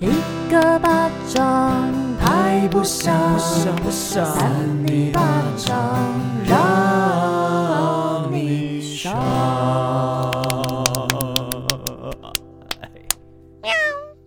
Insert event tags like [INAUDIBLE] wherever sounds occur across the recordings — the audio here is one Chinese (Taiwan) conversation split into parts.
一個巴掌拍不響，三尼巴掌讓你爽。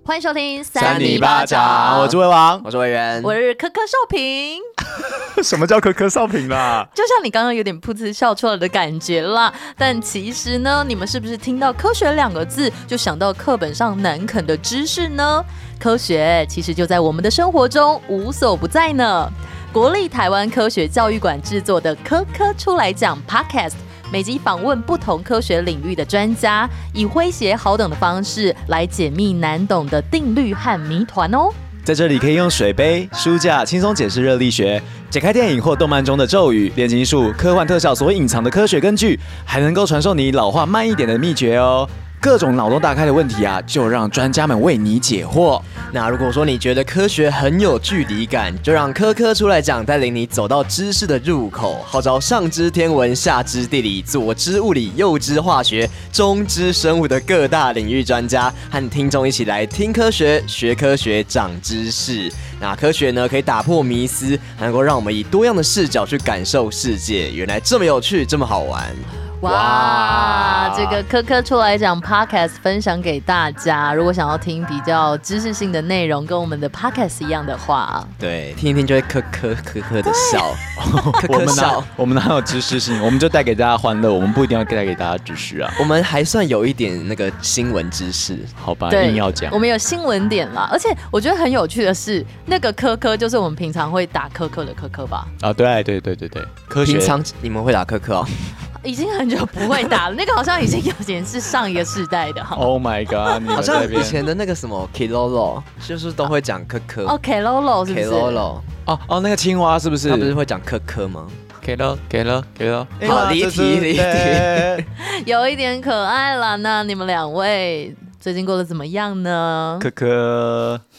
歡迎收聽三《三尼巴掌》，我是魏王，我是惟元，我是科科紹平。 [LAUGHS] [LAUGHS] 什麼叫科科少品啦、啊？ [LAUGHS] 就像你剛剛有點噗嗤笑出來的感覺啦。但其實呢，你們是不是聽到“科學”兩個字就想到課本上難啃的知識呢？科學其實就在我們的生活中無所不在呢。國立台灣科學教育館製作的《科科出來講》Podcast，每集訪問不同科學領域的專家，以詼諧好等的方式來解密難懂的定律和謎團哦。在這裡可以用水杯、書架輕鬆解釋熱力學，解開電影或動漫中的咒語、煉金術、科幻特效所隱藏的科學根據，還能夠傳授你老化慢一點的祕訣哦。各種腦洞大開的問題啊，就讓專家們為你解惑。那如果說你覺得科學很有距離感，就讓科科出來講，帶領你走到知識的入口，號召上知天文、下知地理、左知物理、右知化學、中知生物的各大領域專家和聽眾一起來聽科學、學科學、長知識。那科學呢，可以打破迷思，能夠讓我們以多樣的視角去感受世界，原來這麼有趣，這麼好玩。Wow, 哇，這個科科出來講 podcast 分享給大家。如果想要聽比較知識性的內容，跟我們的 podcast 一樣的話，對，聽一聽就會科科科科的笑，哦 [LAUGHS] 科科。我們哪我們哪有知識性？ [LAUGHS] 我們就帶給大家歡樂。我們不一定要帶給大家知識啊。我們還算有一點那個新聞知識，好吧？硬要講，我們有新聞點啦。而且我覺得很有趣的是，那個科科就是我們平常會打科科的科科吧？啊，對啊對對對對，科學。平常你們會打科科哦。已經很久不會打了， [LAUGHS] 那個好像已經有點是上一個世代的。 [LAUGHS] Oh my god！ [LAUGHS] 你們好像以前的那個什麼 Kilolo， [LAUGHS] [LAUGHS] 就是都會講科科。哦、oh,，Kilolo、okay, 是 Kilolo。哦哦，那個青蛙是不是？他不是會講科科嗎？k lo 給了，給了。 [MUSIC] [MUSIC] 好離題離題， [MUSIC] 題題 [LAUGHS] 有一點可愛了。那你們兩位最近過得怎麼樣呢？科科。 [MUSIC]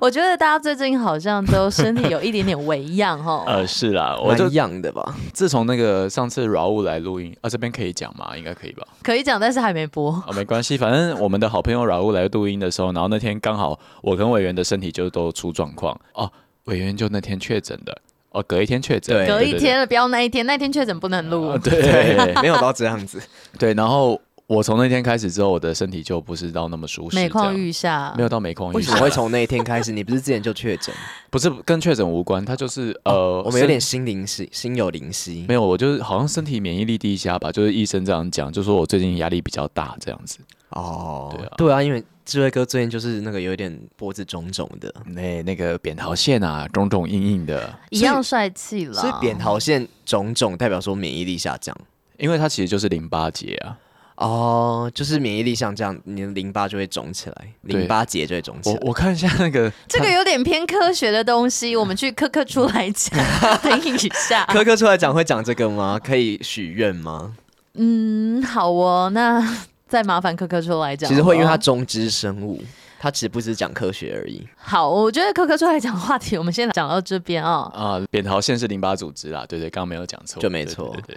我覺得大家最近好像都身體有一點點微癢，哦。 [LAUGHS] 呃，是啦，我蠻癢的吧。自從那個上次軟物來錄音，啊，這邊可以講嗎？應該可以吧。可以講，但是還沒播。啊，沒關係，反正我們的好朋友軟物來錄音的時候，然後那天剛好我跟惟元的身體就都出狀況。哦、啊，惟元就那天確診的，哦、啊，隔一天確診，隔一天了，不要那一天，那一天確診不能錄。啊、對， [LAUGHS] 對，沒有到這樣子。對，然後。我從那天開始之後，我的身體就不是到那麼舒適，每況愈下，沒有到每況愈下。為什麼會從那一天開始？ [LAUGHS] 你不是之前就確診？不是跟確診無關，他 [LAUGHS] 就是呃、哦，我們有點心靈心有靈犀。沒有，我就是好像身體免疫力低下吧，就是醫生這樣講，就說我最近壓力比較大這樣子。哦，對啊，對啊，因為智慧哥最近就是那個有點脖子腫腫的，那、嗯、那個扁桃腺啊，腫腫硬硬的，一樣帥氣了。所以，所以扁桃腺腫腫代表說免疫力下降，因為他其實就是淋巴結啊。哦、oh，就是免疫力像這樣，你的淋巴就會腫起來，淋巴結就會腫起來我。我看一下那個，這個有點偏科學的東西， [LAUGHS] 我們去科科出來講一下。 [LAUGHS] [LAUGHS] 科科出來講會講這個嗎？可以許願嗎？嗯，好哦，那再麻煩科科出來講。其實會因為他中之生物，他、哦、只不只是講科學而已。好，我覺得科科出來講話題，我們先講到這邊啊、哦。啊，扁桃腺是淋巴組織啦，對對，對，剛剛沒有講錯，就沒錯。對，對，對，對。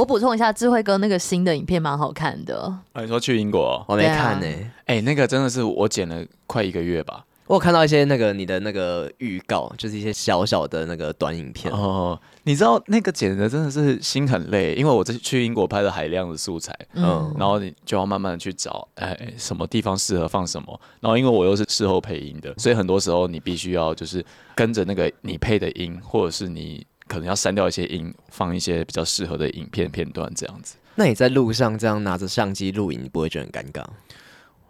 我補充一下，智慧哥，那個新的影片蠻好看的。那、啊、你說去英國、喔，我沒看呢、欸。哎、欸，那個真的是我剪了快一個月吧。我有看到一些那個你的那個預告，就是一些小小的那個短影片哦。你知道那個剪的真的是心很累，因為我這去英國拍了海量的素材，嗯，然後你就要慢慢的去找，哎、欸，什麼地方適合放什麼。然後因為我又是事後配音的，所以很多時候你必須要就是跟着那個你配的音，或者是你。可能要刪掉一些音，放一些比較適合的影片片段這樣子。那你在路上這樣拿着相機錄影，你不會覺得很尷尬？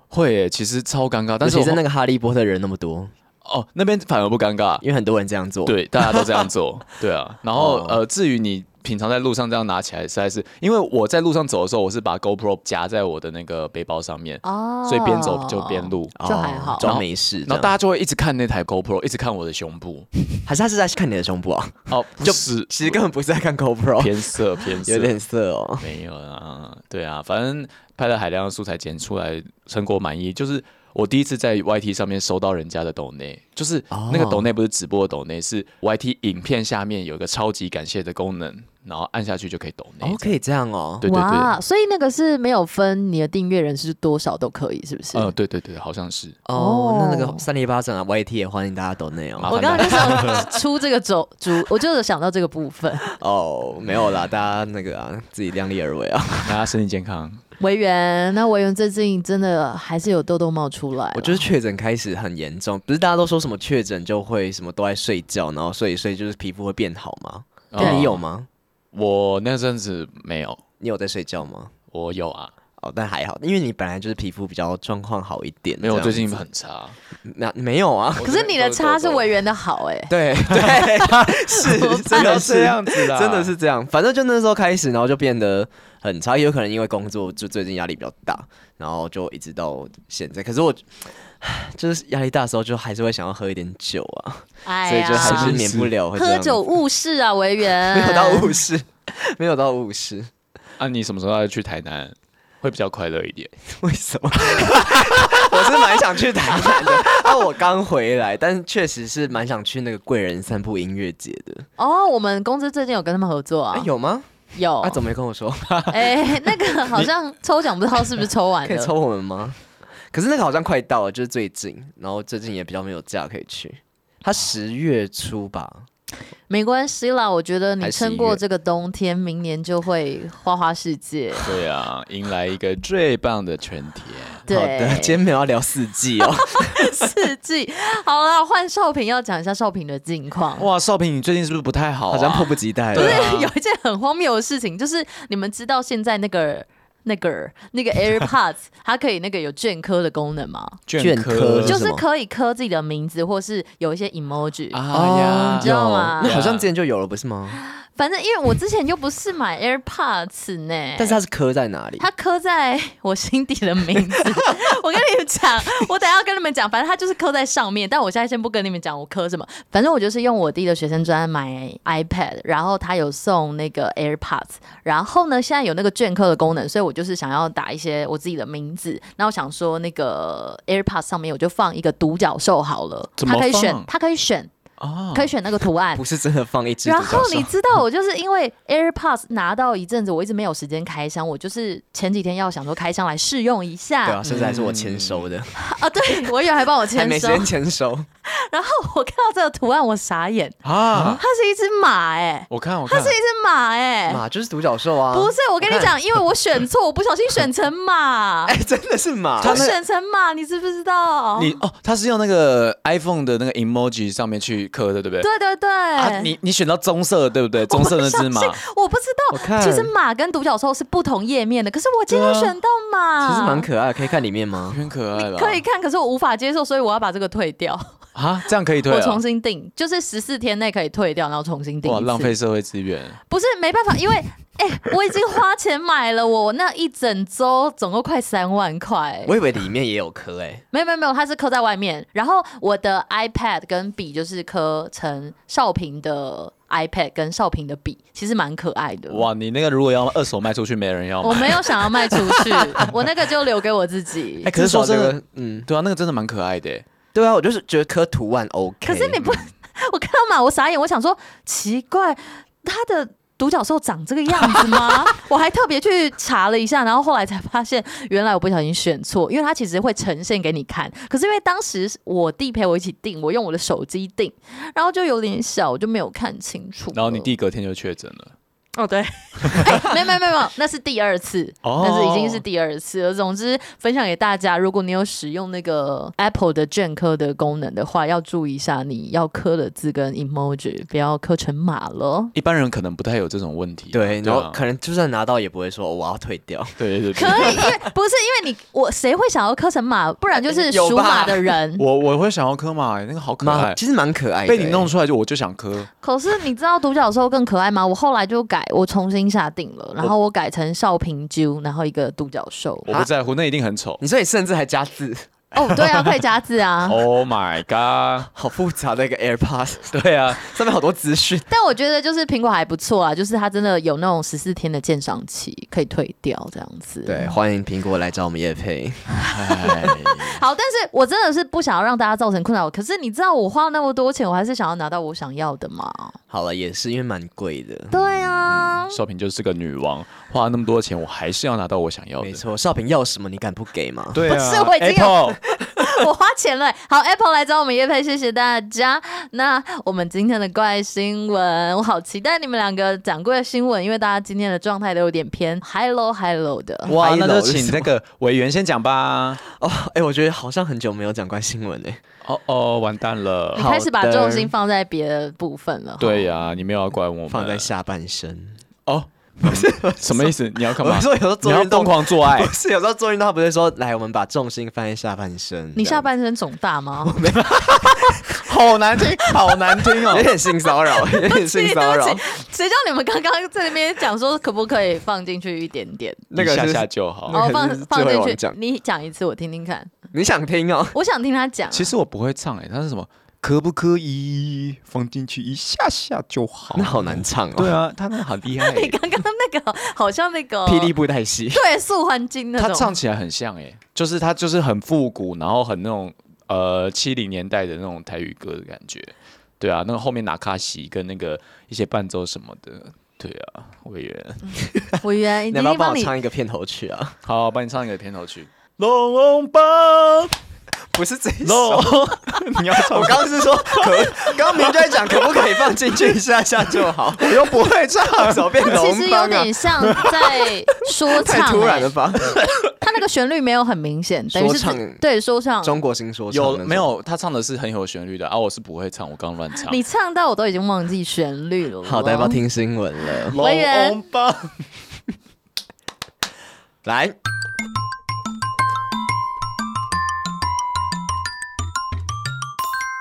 會、欸，其實超尷尬。但是我其實那個哈利波特人那麼多，哦，那邊反而不尷尬，因為很多人這樣做，對，大家都這樣做， [LAUGHS] 對啊。然後呃，至於你。平常在路上這樣拿起來，實在是因為我在路上走的時候，我是把 GoPro 夾在我的那個背包上面，oh, 所以邊走就邊錄，就、oh, 還好，沒事。然後大家就會一直看那台 GoPro，一直看我的胸部， [LAUGHS] 還是他是在看你的胸部啊？哦、oh, [LAUGHS] 就是，其實根本不是在看 GoPro，偏色偏色 [LAUGHS] 有點色哦，沒有啊，對啊，反正拍了海量素材剪出來，成果滿意就是。我第一次在 YT 上面收到人家的抖內，就是那個抖內不是直播的抖內，是 YT 影片下面有一個超級感謝的功能，然後按下去就可以抖內。可、oh, 以、okay, 這樣哦，對對對，所以那個是沒有分你的訂閱人是多少都可以，是不是？哦、嗯，對對對，好像是哦。Oh, oh, 那那個三尼巴掌啊，YT 也歡迎大家抖內哦。我剛剛就是出這個走主，我就是想到這個部分。哦、 [LAUGHS] oh,，沒有啦，大家那個啊，自己量力而為啊， [LAUGHS] 大家身體健康。惟元，那惟元最近真的還是有痘痘冒出來。我就是確診開始很嚴重，不是大家都說什麼確診就會什麼都愛睡覺，然後睡睡就是皮膚會變好嗎？那、哦、你有嗎？我那陣子沒有。你有在睡覺嗎？我有啊。哦，但還好，因為你本來就是皮膚比較狀況好一點。沒有，我最近很差。那、啊、沒有啊？可是你的差是惟元的好哎、欸。對 [LAUGHS] 對， [LAUGHS] 對 [LAUGHS] 是、是真的是這樣子的，真的是這樣。反正就那時候開始，然後就變得很差，也有可能因為工作就最近壓力比較大，然後就一直到現在。可是我就是壓力大的時候，就還是會想要喝一點酒啊，哎、所以就還是免不了是不是喝酒誤事啊。惟元 [LAUGHS] 沒有到誤事，嗯、 [LAUGHS] 沒有到誤事。那你什麼時候要去台南？會比較快樂一點？為什麼？ [LAUGHS] [LAUGHS] 我是蠻想去台南的。那、 [LAUGHS] 啊、我剛回來，但確實是蠻想去那個貴人散步音樂節的。哦，我們公司最近有跟他們合作啊？欸、有嗎？有，他、啊、怎麼沒跟我說？哎、 [LAUGHS] 欸，那個好像抽獎，不知道是不是抽完了， [LAUGHS] 可以抽我們嗎？可是那個好像快到了，就是最近，然後最近也比較沒有假可以去。他十月初吧。沒關係啦，我覺得你撐過這個冬天，明年就會花花世界。對啊，迎來一個最棒的春天。對。好的，今天沒有要聊四季哦， [LAUGHS] [LAUGHS] 四季。好啦，換紹平要講一下紹平的近況。哇，紹平，你最近是不是不太好、啊？好像迫不及待了。不是、啊，有一件很荒謬的事情，就是你們知道現在那個。那個那個 AirPods， [LAUGHS] 它可以那個有鐫刻的功能嗎？鐫刻，鐫刻就是可以刻自己的名字，或是有一些 emoji。哎呀，你知道嗎？Yeah. 那好像之前就有了，不是嗎？反正因為我之前又不是買 AirPods 呢， [LAUGHS] 但是它是刻在哪裡？它刻在我心底的名字 [LAUGHS] [LAUGHS] 我跟你們講，我等一下要跟你們講，反正它就是刻在上面。但我現在先不跟你們講我刻什麼。反正我就是用我弟的學生專買 iPad，然後他有送那個 AirPods，然後呢，現在有那個鐫刻的功能，所以我就是想要打一些我自己的名字。那我想說那個 AirPods 上面我就放一個獨角獸好了，它、啊、可以選，它可以選。哦、oh，可以選那個圖案，不是真的放一隻。然後你知道，我就是因為 AirPods 拿到一陣子，我一直沒有時間開箱。 [LAUGHS] 我就是前幾天要想說開箱來試用一下。對啊，現、嗯、在還是我簽收的。啊，對，我以為還幫我簽， [LAUGHS] 還沒時間簽收。 [LAUGHS] 然後我看到這個圖案，我傻眼啊！它是一只馬哎、欸，我看我看，它是一只馬哎、欸，馬就是獨角獸啊。不是，我跟你講，因為我選錯，我不小心選成馬，哎、 [LAUGHS] 欸，真的是馬，他選成馬，你知不知道？你哦，他是用那個 iPhone 的那個 emoji 上面去。顆的對不對？對對對，啊、你你選到棕色對不對？不，棕色那隻馬我不知道。其實馬跟獨角獸是不同頁面的，可是我今天選到馬、啊，其實蠻可愛，可以看裡面嗎？很可愛了可以看、啊。可是我無法接受，所以我要把這個退掉。啊，這樣可以退？我重新訂，就是十四天內可以退掉，然後重新訂。哇，浪費社會資源。不是，沒辦法，因為。 [LAUGHS] 哎、欸，我已經花錢買了我，我那一整週總共快三萬塊。我以為裡面也有刻，哎，沒有沒有沒有，它是刻在外面。然後我的 iPad 跟筆就是刻成紹平的 iPad 跟紹平的筆，其實蠻可愛的。哇，你那個如果要二手賣出去，沒人要。我沒有想要賣出去， [LAUGHS] 我那個就留給我自己。欸、可是說真的，嗯，對啊，那個真的蠻可愛的。對啊，我就是覺得刻圖案 OK。可是你不、嗯，我看到嘛，我傻眼，我想說奇怪，它的獨角獸長這個樣子嗎？ [LAUGHS] 我還特別去查了一下，然後後來才發現，原來我不小心選錯，因為它其實會呈現給你看。可是因為當時我弟陪我一起訂，我用我的手機訂，然後就有點小，我就沒有看清楚。然後你弟隔天就確診了。哦、oh,，對， [LAUGHS] 欸、沒有沒有沒有，那是第二次，那、oh. 是已經是第二次了。總之分享給大家，如果你有使用那個 Apple 的鐫刻的功能的話，要注意一下，你要刻的字跟 emoji 不要刻成馬了。一般人可能不太有這種問題，對，對、啊，然後可能就算拿到也不會說我要退掉，對對對、對。 [LAUGHS] 可以，因為不是因為你我誰會想要刻成馬？不然就是屬馬的人。我我會想要刻馬，那個好可愛，其實蠻可愛的。被你弄出來就我就想刻。可是你知道獨角獸更可愛嗎？我後來就改。我重新下定了，然後我改成紹平啾，然後一個獨角獸我。我不在乎，那一定很醜。你說你甚至還加字。哦、oh，對啊，可以加字啊！Oh my god，好複雜的一個 AirPods，對啊，上面好多資訊。 [LAUGHS] [LAUGHS] 但我覺得就是蘋果還不錯啊，就是它真的有那種十四天的鑑賞期可以退掉這樣子。對，歡迎蘋果來找我們業配， [LAUGHS] Hi [LAUGHS] 好，但是我真的是不想要讓大家造成困擾。可是你知道我花那麼多錢，我還是想要拿到我想要的嘛？好了，也是因為蠻貴的。對、嗯、啊、嗯，紹平就是個女王，花了那麼多錢，我還是要拿到我想要的。沒錯，紹平要什麼，你敢不給嗎？對啊，Apple [LAUGHS] [LAUGHS] 我花錢了、欸。好，Apple 來找我們業配，謝謝大家。那我們今天的怪新聞，我好期待你們兩個講怪新聞，因為大家今天的狀態都有點偏 hello hello 的。哇，那就請那個委員先講吧。 [LAUGHS] 哦，哎、欸，我覺得好像很久沒有講怪新聞嘞、欸。哦哦，完蛋了，你開始把重心放在別的部分了。對呀、啊，你沒有要怪我，放在下半身哦。Oh. 不、嗯、是什麼意思？ [LAUGHS] 你要幹嘛？我說有時候做運動狂做愛，是有時候做運動，他不是說來，我們把重心放在下半身。你下半身腫大嗎？ [LAUGHS] 好難聽，好難聽哦、喔， [LAUGHS] 有點性騷擾，有點性騷擾。誰叫你們剛剛在那邊講說可不可以放進去一點點？那個下下就好，我、哦、放放進去。講你講一次，我聽聽看。你想聽哦、喔，我想聽他講。其實我不會唱哎、欸，他是什麼？可不可以放進去一下下就好？那好難唱哦。對啊， [LAUGHS] 他那好厲害、欸。 [LAUGHS] 你剛剛那個好像那個霹靂布袋戲。對，素還真那種。他唱起來很像哎、欸，就是他就是很復古，然後很那種呃七零年代的那種台語歌的感覺。對啊，那個後面拿卡西跟那個一些伴奏什麼的。對啊，惟元，惟元， [LAUGHS] [LAUGHS] 你能不能幫我唱一個片頭曲啊？ [LAUGHS] 你幫你好，我幫你唱一個片頭曲。龍寶。不是這一首，Low, [LAUGHS] 你要唱我剛是說可，剛 [LAUGHS] 明在講可不可以放進去一下下就好。 [LAUGHS] [LAUGHS] 我又不會唱，手 [LAUGHS] 變、啊、其實有點像在說唱、欸。 [LAUGHS] 太突然了吧？ [LAUGHS] 他那個旋律沒有很明顯，等於唱。對，說唱。中國新說唱。有，沒有？他唱的是很有旋律的而、啊、我是不會唱，我剛亂唱。你唱到我都已經忘記旋律了。好的，待會要聽新聞了。龍 [LAUGHS] 來。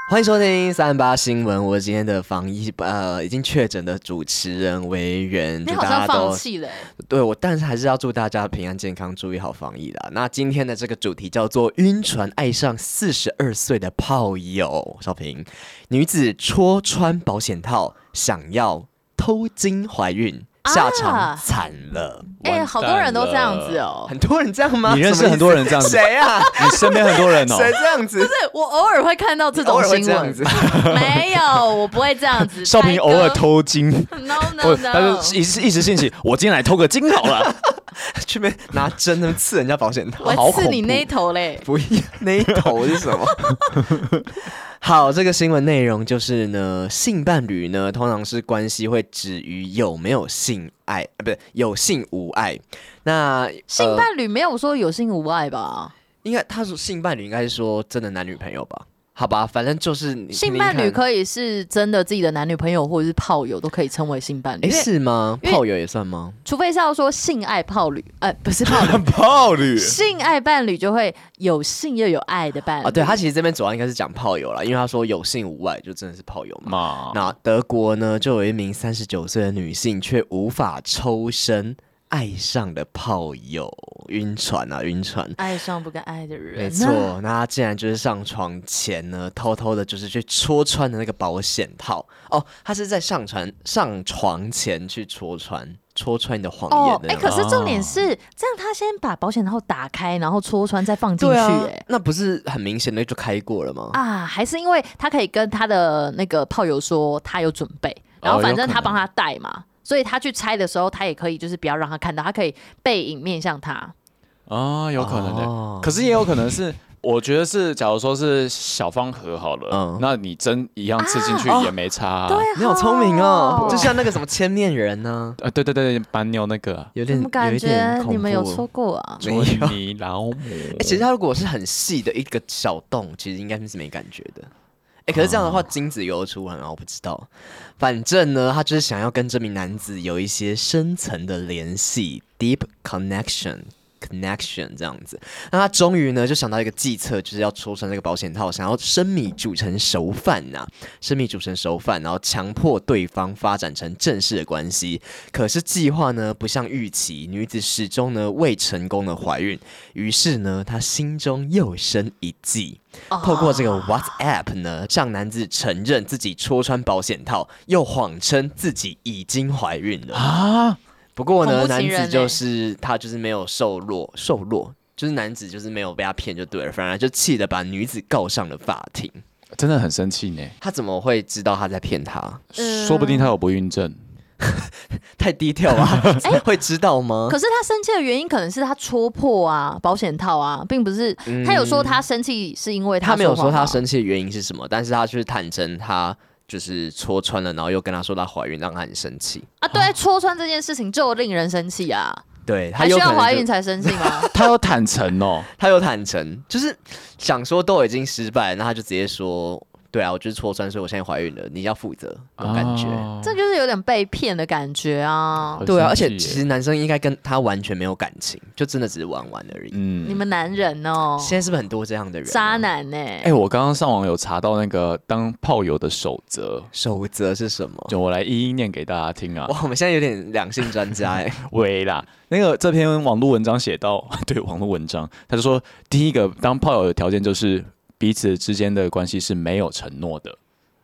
歡迎收聽三八新聞。我今天的防疫呃已經確診的主持人惟元，就大家都像放棄了、欸，對我，但是還是要祝大家平安健康，注意好防疫啦。那今天的這個主題叫做“暈船愛上四十二歲的炮友”，紹平女子戳穿保險套，想要偷精懷孕。下場慘了！哎、啊欸，好多人都這樣子哦，很多人這樣嗎？你認識很多人這樣子？誰啊？ [LAUGHS] [LAUGHS] 你身邊很多人哦，誰這樣子？不是，我偶爾會看到這種新聞，這樣子 [LAUGHS] 沒有，我不會這樣子。紹平偶爾偷精。但 [LAUGHS] 是、 [LAUGHS] no, no, no, no. [LAUGHS] 一時一時興起，我今天來偷個精好了。 [LAUGHS] 去邊拿針那刺人家保險套，我還刺你那一頭嘞。不一樣，那一頭是什麼？ [LAUGHS] 好，這個新聞內容就是呢，性伴侶呢，通常是關係會止於有沒有性愛啊、呃，不是有性無愛。那、呃、性伴侶沒有說有性無愛吧？應該他說性伴侶應該是說真的男女朋友吧？好吧，反正就是你，性伴侶可以是真的自己的男女朋友或者是炮友都可以稱為性伴侶誒，是嗎？炮友也算嗎？除非是要說性愛炮侶，呃，不是炮 [LAUGHS] 炮侶。性愛伴侶就會有性又有愛的伴侶。啊，對，他其實這邊主要應該是講炮友啦，因為他說有性無愛就真的是炮友嘛。那德國呢，就有一名三十九歲的女性卻無法抽身，愛上的炮友暈船啊，暈船，愛上不敢愛的人，沒錯。那他竟然就是上床前呢，偷偷的，就是去戳穿的那個保險套。哦，他是在上船上床前去戳穿，戳穿你的謊言的。哦，哎、欸，可是重點是，哦，這樣他先把保險套打開，然後戳穿，再放進去，啊。那不是很明顯的就開過了嗎？啊，還是因為他可以跟他的那個炮友說他有準備，然後反正他幫他帶嘛。哦所以他去戳的時候，他也可以就是不要讓他看到，他可以背影面向他。啊、哦，有可能的、哦，可是也有可能是， [LAUGHS] 我覺得是，假如說是小方盒好了、嗯，那你真一樣刺進去也沒差、啊啊哦。對、哦，你好聰明哦，哦，就像那個什麼千面人呢、啊？呃、啊，對對對，蠻牛那個，有點，感覺有一、啊、點恐怖。你們有說過啊？你哎、欸，其實他如果是很細的一個小洞，其實應該是沒感覺的。欸、可是這樣的話，嗯、精子又出完了，我不知道。反正呢，他就是想要跟這名男子有一些深層的聯繫，deep connection。In、action 這樣子，那他終於呢就想到一個計策，就是要戳穿這個保險套，想要生米煮成熟飯吶、啊，生米煮成熟飯，然後強迫對方發展成正式的關係。可是計劃呢不像預期，女子始終呢未成功的懷孕，於是呢她心中又生一計，oh. 透過這個 WhatsApp 呢向男子承認自己戳穿保險套，又謊稱自己已經懷孕了啊。不過呢，不、欸，男子就是他，就是沒有受弱，受弱就是男子就是沒有被他騙就對了，反而就氣得把女子告上了法庭，真的很生氣呢。他怎麼會知道他在騙他？說不定他有不孕症， [LAUGHS] 太低調啊、 [LAUGHS] 欸，會知道嗎？可是他生氣的原因可能是他戳破啊，保險套啊，並不是、嗯、他有說他生氣是因為他，他沒有說他生氣的原因是什麼，但是他就是坦誠他。就是戳穿了，然後又跟他說他懷孕，讓他很生氣啊！對，戳穿這件事情就令人生氣啊！ [LAUGHS] 對他，還需要懷孕才生氣嗎？ [LAUGHS] 他有坦誠哦，他有坦誠，就是想說都已經失敗了，那他就直接說。對啊，我就是戳穿，所以我現在懷孕了，你要負責，感覺、啊、這就是有點被騙的感覺啊。對啊，而且其實男生應該跟他完全沒有感情，就真的只是玩玩而已。嗯，你們男人哦，現在是不是很多這樣的人、啊？渣男呢、欸？哎、欸，我剛剛上網有查到那個當炮友的守則，守則是什麼？就我來一一念給大家聽啊。哇，我們現在有點兩性專家哎、欸。對 [LAUGHS] 啦，那個這篇網絡文章寫到， [LAUGHS] 對網絡文章，他就說第一個當炮友的條件就是。彼此之間的關係是沒有承諾的，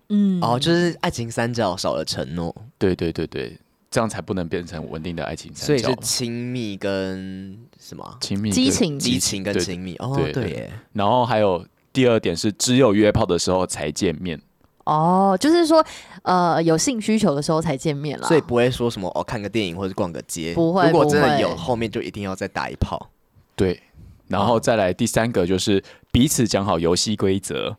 嗯，哦，就是愛情三角少了承諾，對對對對，這樣才不能變成穩定的愛情三角。所以是親密跟什麼、啊？親密、激情、激情跟親密對對對。哦，對。然後還有第二點是，只有約炮的時候才見面。哦，就是說，呃，有性需求的時候才見面啦。所以不會說什麼哦，看個電影或者逛個街不，不會。如果真的有，後面就一定要再打一炮。對，然後再來第三個就是。嗯彼此講好遊戲規則，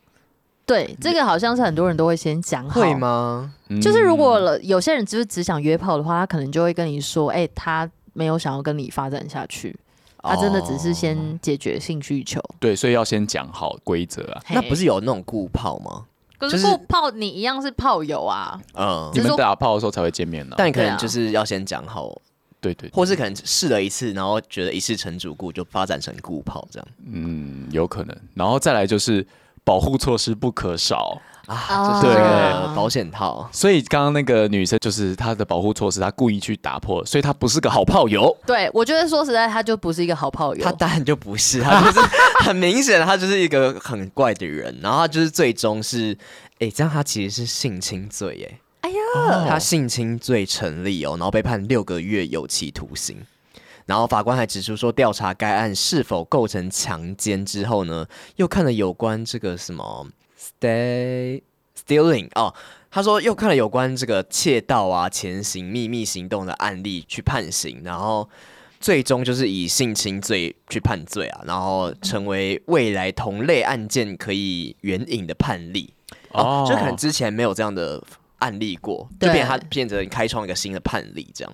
對這個好像是很多人都會先講，好，嗎、嗯？就是如果有些人只是只想約炮的話，他可能就會跟你說，哎、欸，他沒有想要跟你發展下去，他真的只是先解決性需求。哦、對，所以要先講好規則啊。那不是有那種固炮嗎？跟、hey, 固、就是、炮你一樣是炮友啊，嗯、就是，你們打炮的時候才會見面的、啊，但可能就是要先講好。對對，對，或是可能試了一次，然後覺得一次成主顧就發展成固炮這樣。嗯，有可能。然後再來就是保護措施不可少啊，對、就是這個啊，保險套。所以剛剛那個女生就是她的保護措施，她故意去打破，所以她不是個好炮友。對，我覺得說實在，她就不是一個好炮友。她當然就不是，她就是很明顯，她就是一個很怪的人。 [LAUGHS] 然後她就是最終是，哎，這樣她其實是性侵罪耶，哎。Oh. 他性侵罪成立哦，然後被判六個月有期徒刑。然後法官還指出說，調查該案是否構成強姦之後呢，又看了有關這個什麼 stay stealing 哦，他說又看了有關這個竊盜啊、潛行秘密行動的案例去判刑，然後最終就是以性侵罪去判罪啊，然後成為未來同類案件可以援引的判例。Oh. 哦，就可能之前沒有這樣的。案例過，就變成他變成開創一個新的判例，這樣。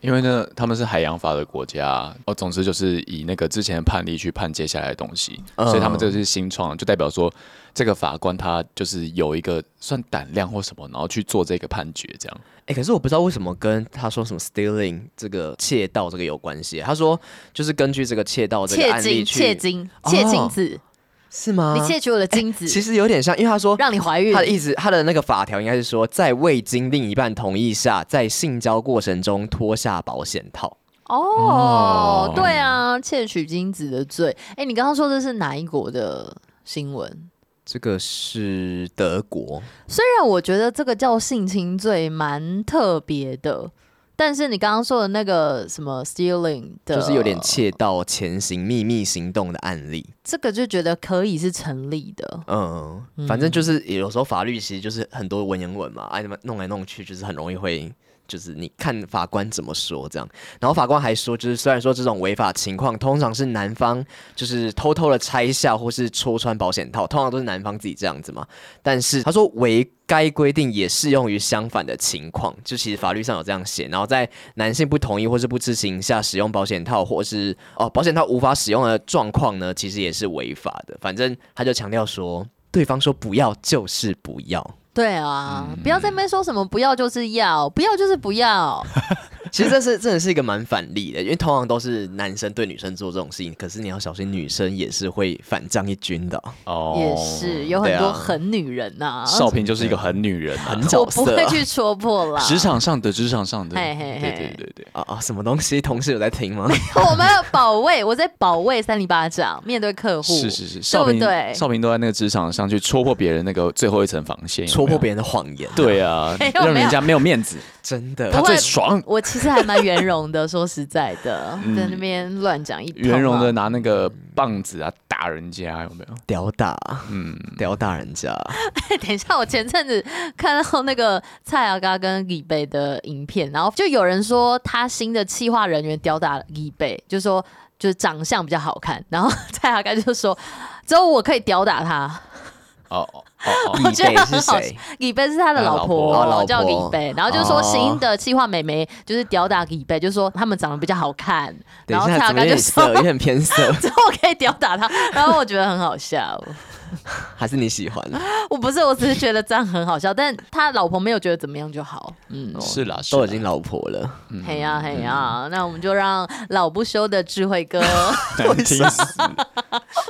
因為呢，他們是海洋法的國家，哦，總之就是以那個之前的判例去判接下來的東西，嗯、所以他們這個是新創，就代表說這個法官他就是有一個算膽量或什麼，然後去做這個判決這樣。哎、欸，可是我不知道為什麼跟他說什麼 stealing 這個竊盜這個有關係？他說就是根據這個竊盜這個案例去竊金、竊金、竊金子。哦是嗎？你竊取我的精子，欸，其實有點像，因為他說讓你懷孕。他的意思，他的那個法條應該是說，在未經另一半同意下，在性交過程中脫下保險套哦。哦，對啊，竊取精子的罪。哎、欸，你剛剛說的是哪一國的新聞？這個是德國。雖然我覺得這個叫性侵罪，蠻特別的。但是你剛剛說的那個什麼 stealing 的，就是有點切到潛行秘密行動的案例，這個就覺得可以是成立的。嗯，反正就是有時候法律其實就是很多文言文嘛，哎，怎麼弄來弄去就是很容易會，就是你看法官怎麼說這樣。然後法官還說，就是雖然說這種違法情況通常是男方就是偷偷的拆下或是戳穿保險套，通常都是男方自己這樣子嘛。但是他說違。該規定也適用於相反的情況，就其實法律上有這樣寫。然後在男性不同意或是不知情下使用保險套，或是哦保險套無法使用的狀況呢，其實也是違法的。反正他就強調說，對方說不要就是不要。對啊，嗯、不要在那邊說什麼不要就是要，不要就是不要。 [LAUGHS] [LAUGHS] 其實這是真的是一個蠻反例的，因為通常都是男生對女生做這種事情，可是你要小心，女生也是會反將一軍的哦。也是有很多狠女人吶、啊啊，紹平就是一個狠女人、啊，狠角色。我不會去戳破了。職場上的職場上的 hey, hey, hey，對對對對對啊啊！什麼東西？同事有在聽嗎？沒有，我們要保衛， [LAUGHS] 我在保衛三尼巴掌面對客戶。是是是，對不對？紹平都在那個職場上去戳破別人那個最後一層防線，戳破別人的謊言。對啊，對啊、哎，讓人家沒有面子。真的，他最爽。我其實還蠻圓融的， [LAUGHS] 說實在的，在那邊亂講一通，啊。嗯、圓融的拿那個棒子啊打人家有沒有？屌打，嗯，屌打人家。哎，等一下，我前陣子看到那個蔡阿嘎跟李貝的影片，然後就有人說他新的企劃人員屌打李貝，就說就是長相比較好看，然後蔡阿嘎就說只有我可以屌打他。哦。Oh, oh, 我覺得很好笑，李貝是他的老婆，我老叫李貝，然後就說新的企劃妹妹就是屌打李貝，哦，就是，說他們長得比較好看，然後他感就說也很偏色，之後可以屌打他，然後我覺得很好笑， [LAUGHS] 還是你喜歡？啊？我不是，我只是覺得這樣很好笑，但他老婆沒有覺得怎麼樣就好， [LAUGHS] 嗯，是、哦、啦，都已經老婆了，嗯，嘿呀嘿呀，那我們就讓老不修的智慧哥，難聽死。 [LAUGHS]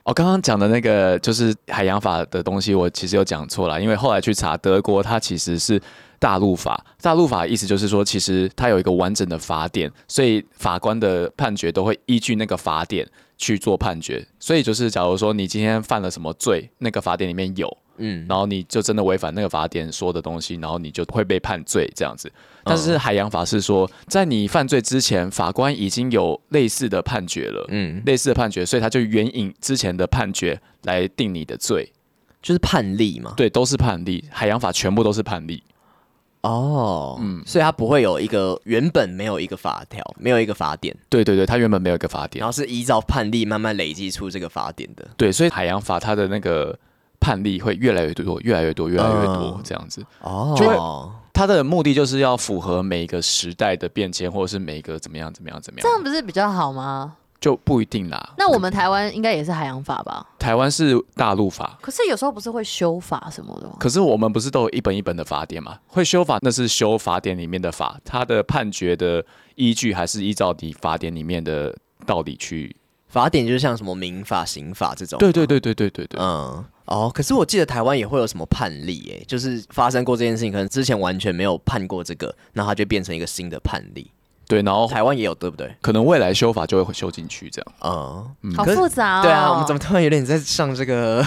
哦，我剛剛講的那個就是海洋法的東西，我其實有講錯了，因為後來去查，德國它其實是大陸法，大陸法意思就是說，其實它有一個完整的法典，所以法官的判決都會依據那個法典去做判決。所以就是，假如說你今天犯了什麼罪，那個法典裡面有。嗯，然後你就真的違反那個法典說的東西，然後你就會被判罪這樣子。但是海洋法是說，在你犯罪之前，法官已經有類似的判決了，嗯，類似的判決，所以他就援引之前的判決來定你的罪，就是判例嘛。對，都是判例。海洋法全部都是判例。哦，嗯，所以他不會有一個原本沒有一個法條，沒有一個法典。對對對，他原本沒有一個法典，然後是依照判例慢慢累積出這個法典的。對，所以海洋法它的那個。判例會越來越多，越來越多，越來越多，這樣子哦，uh, oh. 就會他的目的就是要符合每一個時代的變遷，或者是每一個怎麼樣，怎麼樣，怎麼樣，這樣不是比較好嗎？就不一定啦。那我們台灣應該也是海洋法吧？台灣是大陸法，可是有時候不是會修法什麼的嗎？可是我們不是都有一本一本的法典嗎？會修法那是修法典裡面的法，他的判決的依據還是依照你法典裡面的道理去。法典就像什麼民法、刑法這種。對對對對對對對。嗯，哦，可是我記得台灣也會有什麼判例欸，哎，就是發生過這件事情，可能之前完全沒有判過這個，那它就變成一個新的判例。對，然後台灣也有，對不對？可能未來修法就會修進去這樣。嗯，嗯，好複雜哦，對啊，我們怎麼突然有點在上這個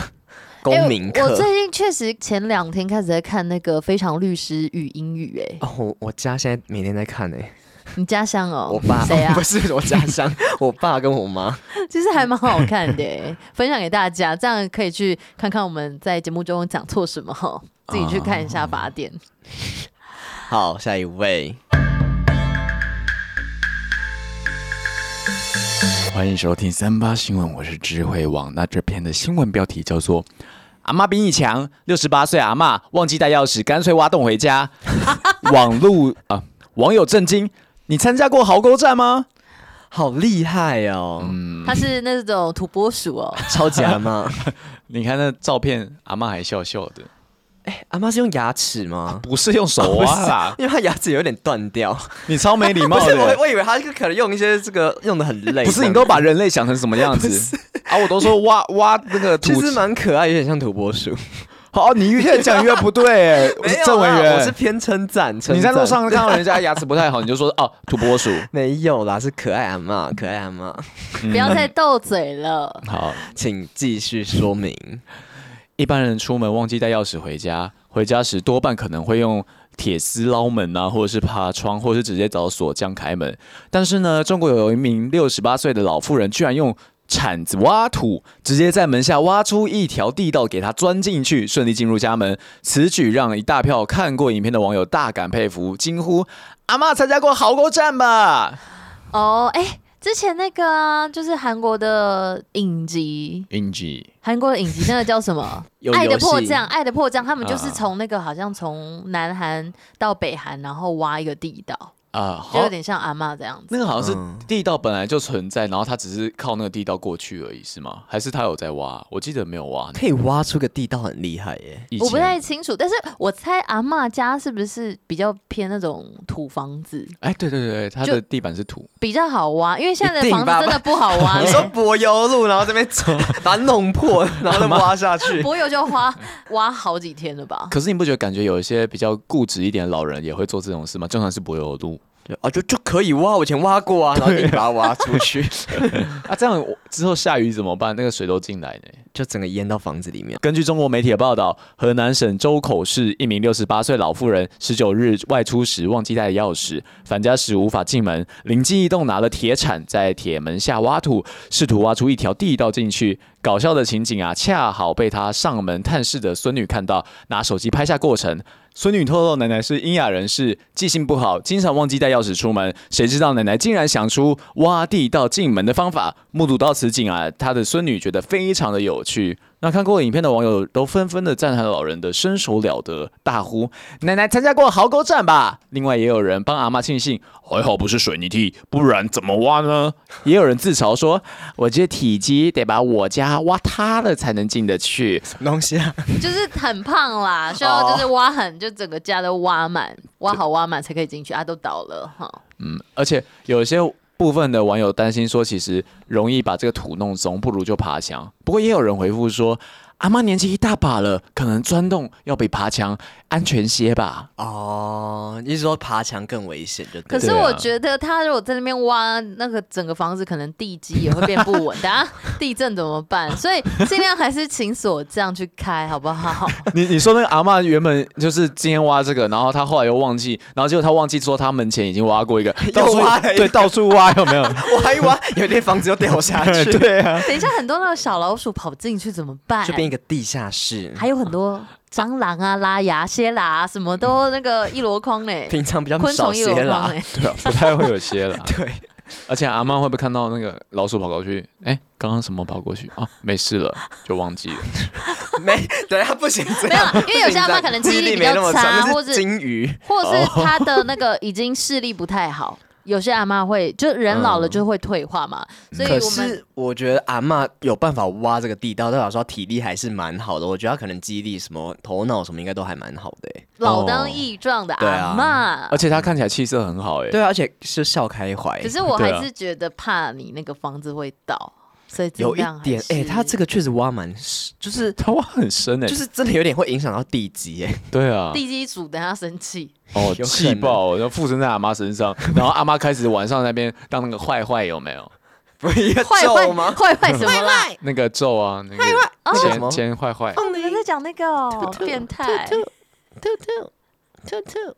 公民課，欸，我？我最近確實前兩天開始在看那個《非常律師與英語，語》欸，哦，哎，我我家現在每天在看哎，欸。你家鄉哦？我爸，啊哦、不是我家鄉， [LAUGHS] 我爸跟我媽，其實還蠻好看的、欸， [LAUGHS] 分享給大家，這樣可以去看看我們在節目中講錯什麼哈，自己去看一下八點、啊、好，下一位 [NOISE] ，歡迎收聽三八新聞，我是智慧王。那這篇的新聞標題叫做《阿嬤比你強》，六十八歲阿嬤忘記帶鑰匙，乾脆挖洞回家， [LAUGHS] 網路啊、呃，網友震驚。你參加過壕溝戰嗎？好厲害哦！他、嗯、是那種土撥鼠哦，超級阿嬤？ [LAUGHS] 你看那照片，阿媽還笑笑的。哎、欸，阿媽是用牙齒嗎、啊？不是用手挖、哦，因為他牙齒有點斷掉。你超沒禮貌！ [LAUGHS] 我，我以為他可能用一些這個用得很累。不是你都把人類想成什麼樣子 [LAUGHS] 啊？我都說挖挖那個土，其實蠻可愛，有點像土撥鼠。嗯好、啊，你越講越，越不對。 [LAUGHS] 沒有啦，我是偏稱讚。你在路上看到人家牙齒不太好， [LAUGHS] 你就說哦，土撥鼠。沒有啦，是可愛阿嬤，可愛阿嬤、嗯，不要再鬥嘴了。好，請繼續說明。 [LAUGHS] 一般人出門忘記帶鑰匙回家，回家時多半可能會用鐵絲撈門啊，或者是爬窗，或者是直接找鎖匠開門。但是呢，中國有有一名六十八歲的老婦人，居然用。鏟子挖土，直接在門下挖出一條地道，給他鑽進去，順利進入家門。此舉讓一大票看過影片的網友大感佩服，驚呼：“阿嬤參加過壕溝戰吧？”哦，哎，之前那個、啊、就是韓國的影集，影集，韓國的影集，那個叫什麼《愛的迫降》？《愛的迫降》，他們就是從那個好像從南韓到北韓，然後挖一個地道。啊、uh，好，就有點像阿嬤這樣子。那個好像是地道本來就存在，嗯、然後他只是靠那個地道過去而已，是嗎？還是他有在挖？我記得沒有挖。可以挖出個地道很厲害耶！我不太清楚，但是我猜阿嬤家是不是比較偏那種土房子？哎、欸，對對對，它的地板是土，比較好挖，因為現在的房子真的不好挖。欸、你說柏油路，然後這邊走，把它 [LAUGHS] 弄破，然後又挖下去，柏油就花挖好幾天了吧？可是你不覺得感覺有一些比較固執一點的老人也會做這種事嗎？正常是柏油路。就、啊、就，就可以挖，我以前挖過啊，然後就把它挖出去。 [LAUGHS] 啊，這樣之後下雨怎麼辦？那個水都進來呢，就整個淹到房子裡面。根據中國媒體的報道，河南省周口市一名六十八歲老婦人，十九日外出時忘記帶了鑰匙，返家時無法進門，靈機一動拿了鐵鏟在鐵門下挖土，試圖挖出一條地道進去。搞笑的情景啊，恰好被他上門探視的孫女看到，拿手機拍下過程。孫女透露，奶奶是英雅人士，記性不好，經常忘記帶鑰匙出門。誰知道奶奶竟然想出挖地道進門的方法。目睹到此景啊，她的孫女覺得非常的有趣。那看過影片的網友都紛紛的讚嘆老人的身手了得，大呼奶奶參加過壕溝戰吧。另外也有人幫阿媽慶幸，還好不是水泥地，不然怎麼挖呢？ [LAUGHS] 也有人自嘲說，我這體積得把我家挖塌了才能進得去。什麼東西啊？ [LAUGHS] 就是很胖啦，需要就是挖很，就整個家都挖滿，oh. 挖好挖滿才可以進去啊，都倒了哈、哦。嗯，而且有些。部分的網友擔心說，其實容易把這個土弄鬆，不如就爬牆。不過也有人回復說，阿嬤年紀一大把了，可能鑽洞要比爬牆。安全些吧。哦，意思說爬牆更危險，對？可是我覺得他如果在那邊挖那個整個房子，可能地基也會變不穩的。 [LAUGHS] 等一下，地震怎麼辦？所以盡量還是請鎖這樣去開， [LAUGHS] 好不好？你你說那個阿嬤原本就是今天挖這個，然後他後來又忘記，然後結果他忘記說他門前已經挖過一個，到處挖對， [LAUGHS] 對到處挖有沒有？ [LAUGHS] 挖一挖，有點房子要掉下去 [LAUGHS] 對。對啊，等一下很多那個小老鼠跑進去怎麼辦？就變一個地下室，還有很多。蟑螂啊，拉牙蠍啦、啊，什麼都那個一籮筐嘞。平常比較少蠍啦昆蟲一籮筐，對、啊，不太會有蠍啦。 [LAUGHS] 對，而且阿媽會不會看到那個老鼠跑過去？哎、欸，剛剛什麼跑過去？啊，沒事了，就忘記了。 [LAUGHS] 沒，人他、啊、不行。沒有、啊，因為有些阿媽可能記憶力比較差，差或者是金魚，或者是他的那個已經視力不太好。哦有些阿嬤會，就人老了就會退化嘛。嗯、所以我是我覺得阿嬤有辦法挖這個地道，代表說體力還是蠻好的。我覺得她可能記憶力什麼、頭腦什麼，應該都還蠻好的、欸。老當益壯的阿嬤、哦啊，而且她看起來氣色很好誒、欸嗯。對啊，而且是笑開懷。可是我還是覺得怕你那個房子會倒。有一點，哎、欸，他這個確實挖蠻深，就是他挖很深哎、欸，就是真的有點會影響到地基哎、欸，對啊，地基主等下生氣哦，氣、oh, 爆、喔，然後附身在阿嬤身上， [LAUGHS] 然後阿嬤開始晚上那邊當那個壞壞有沒有？不一個壞壞嗎？壞壞什麼？ [LAUGHS] 壞壞什麼 [LAUGHS] 那個咒啊，那個先先壞壞、哦，你們在講那個吐吐變態兔兔兔兔兔兔。吐吐吐吐吐吐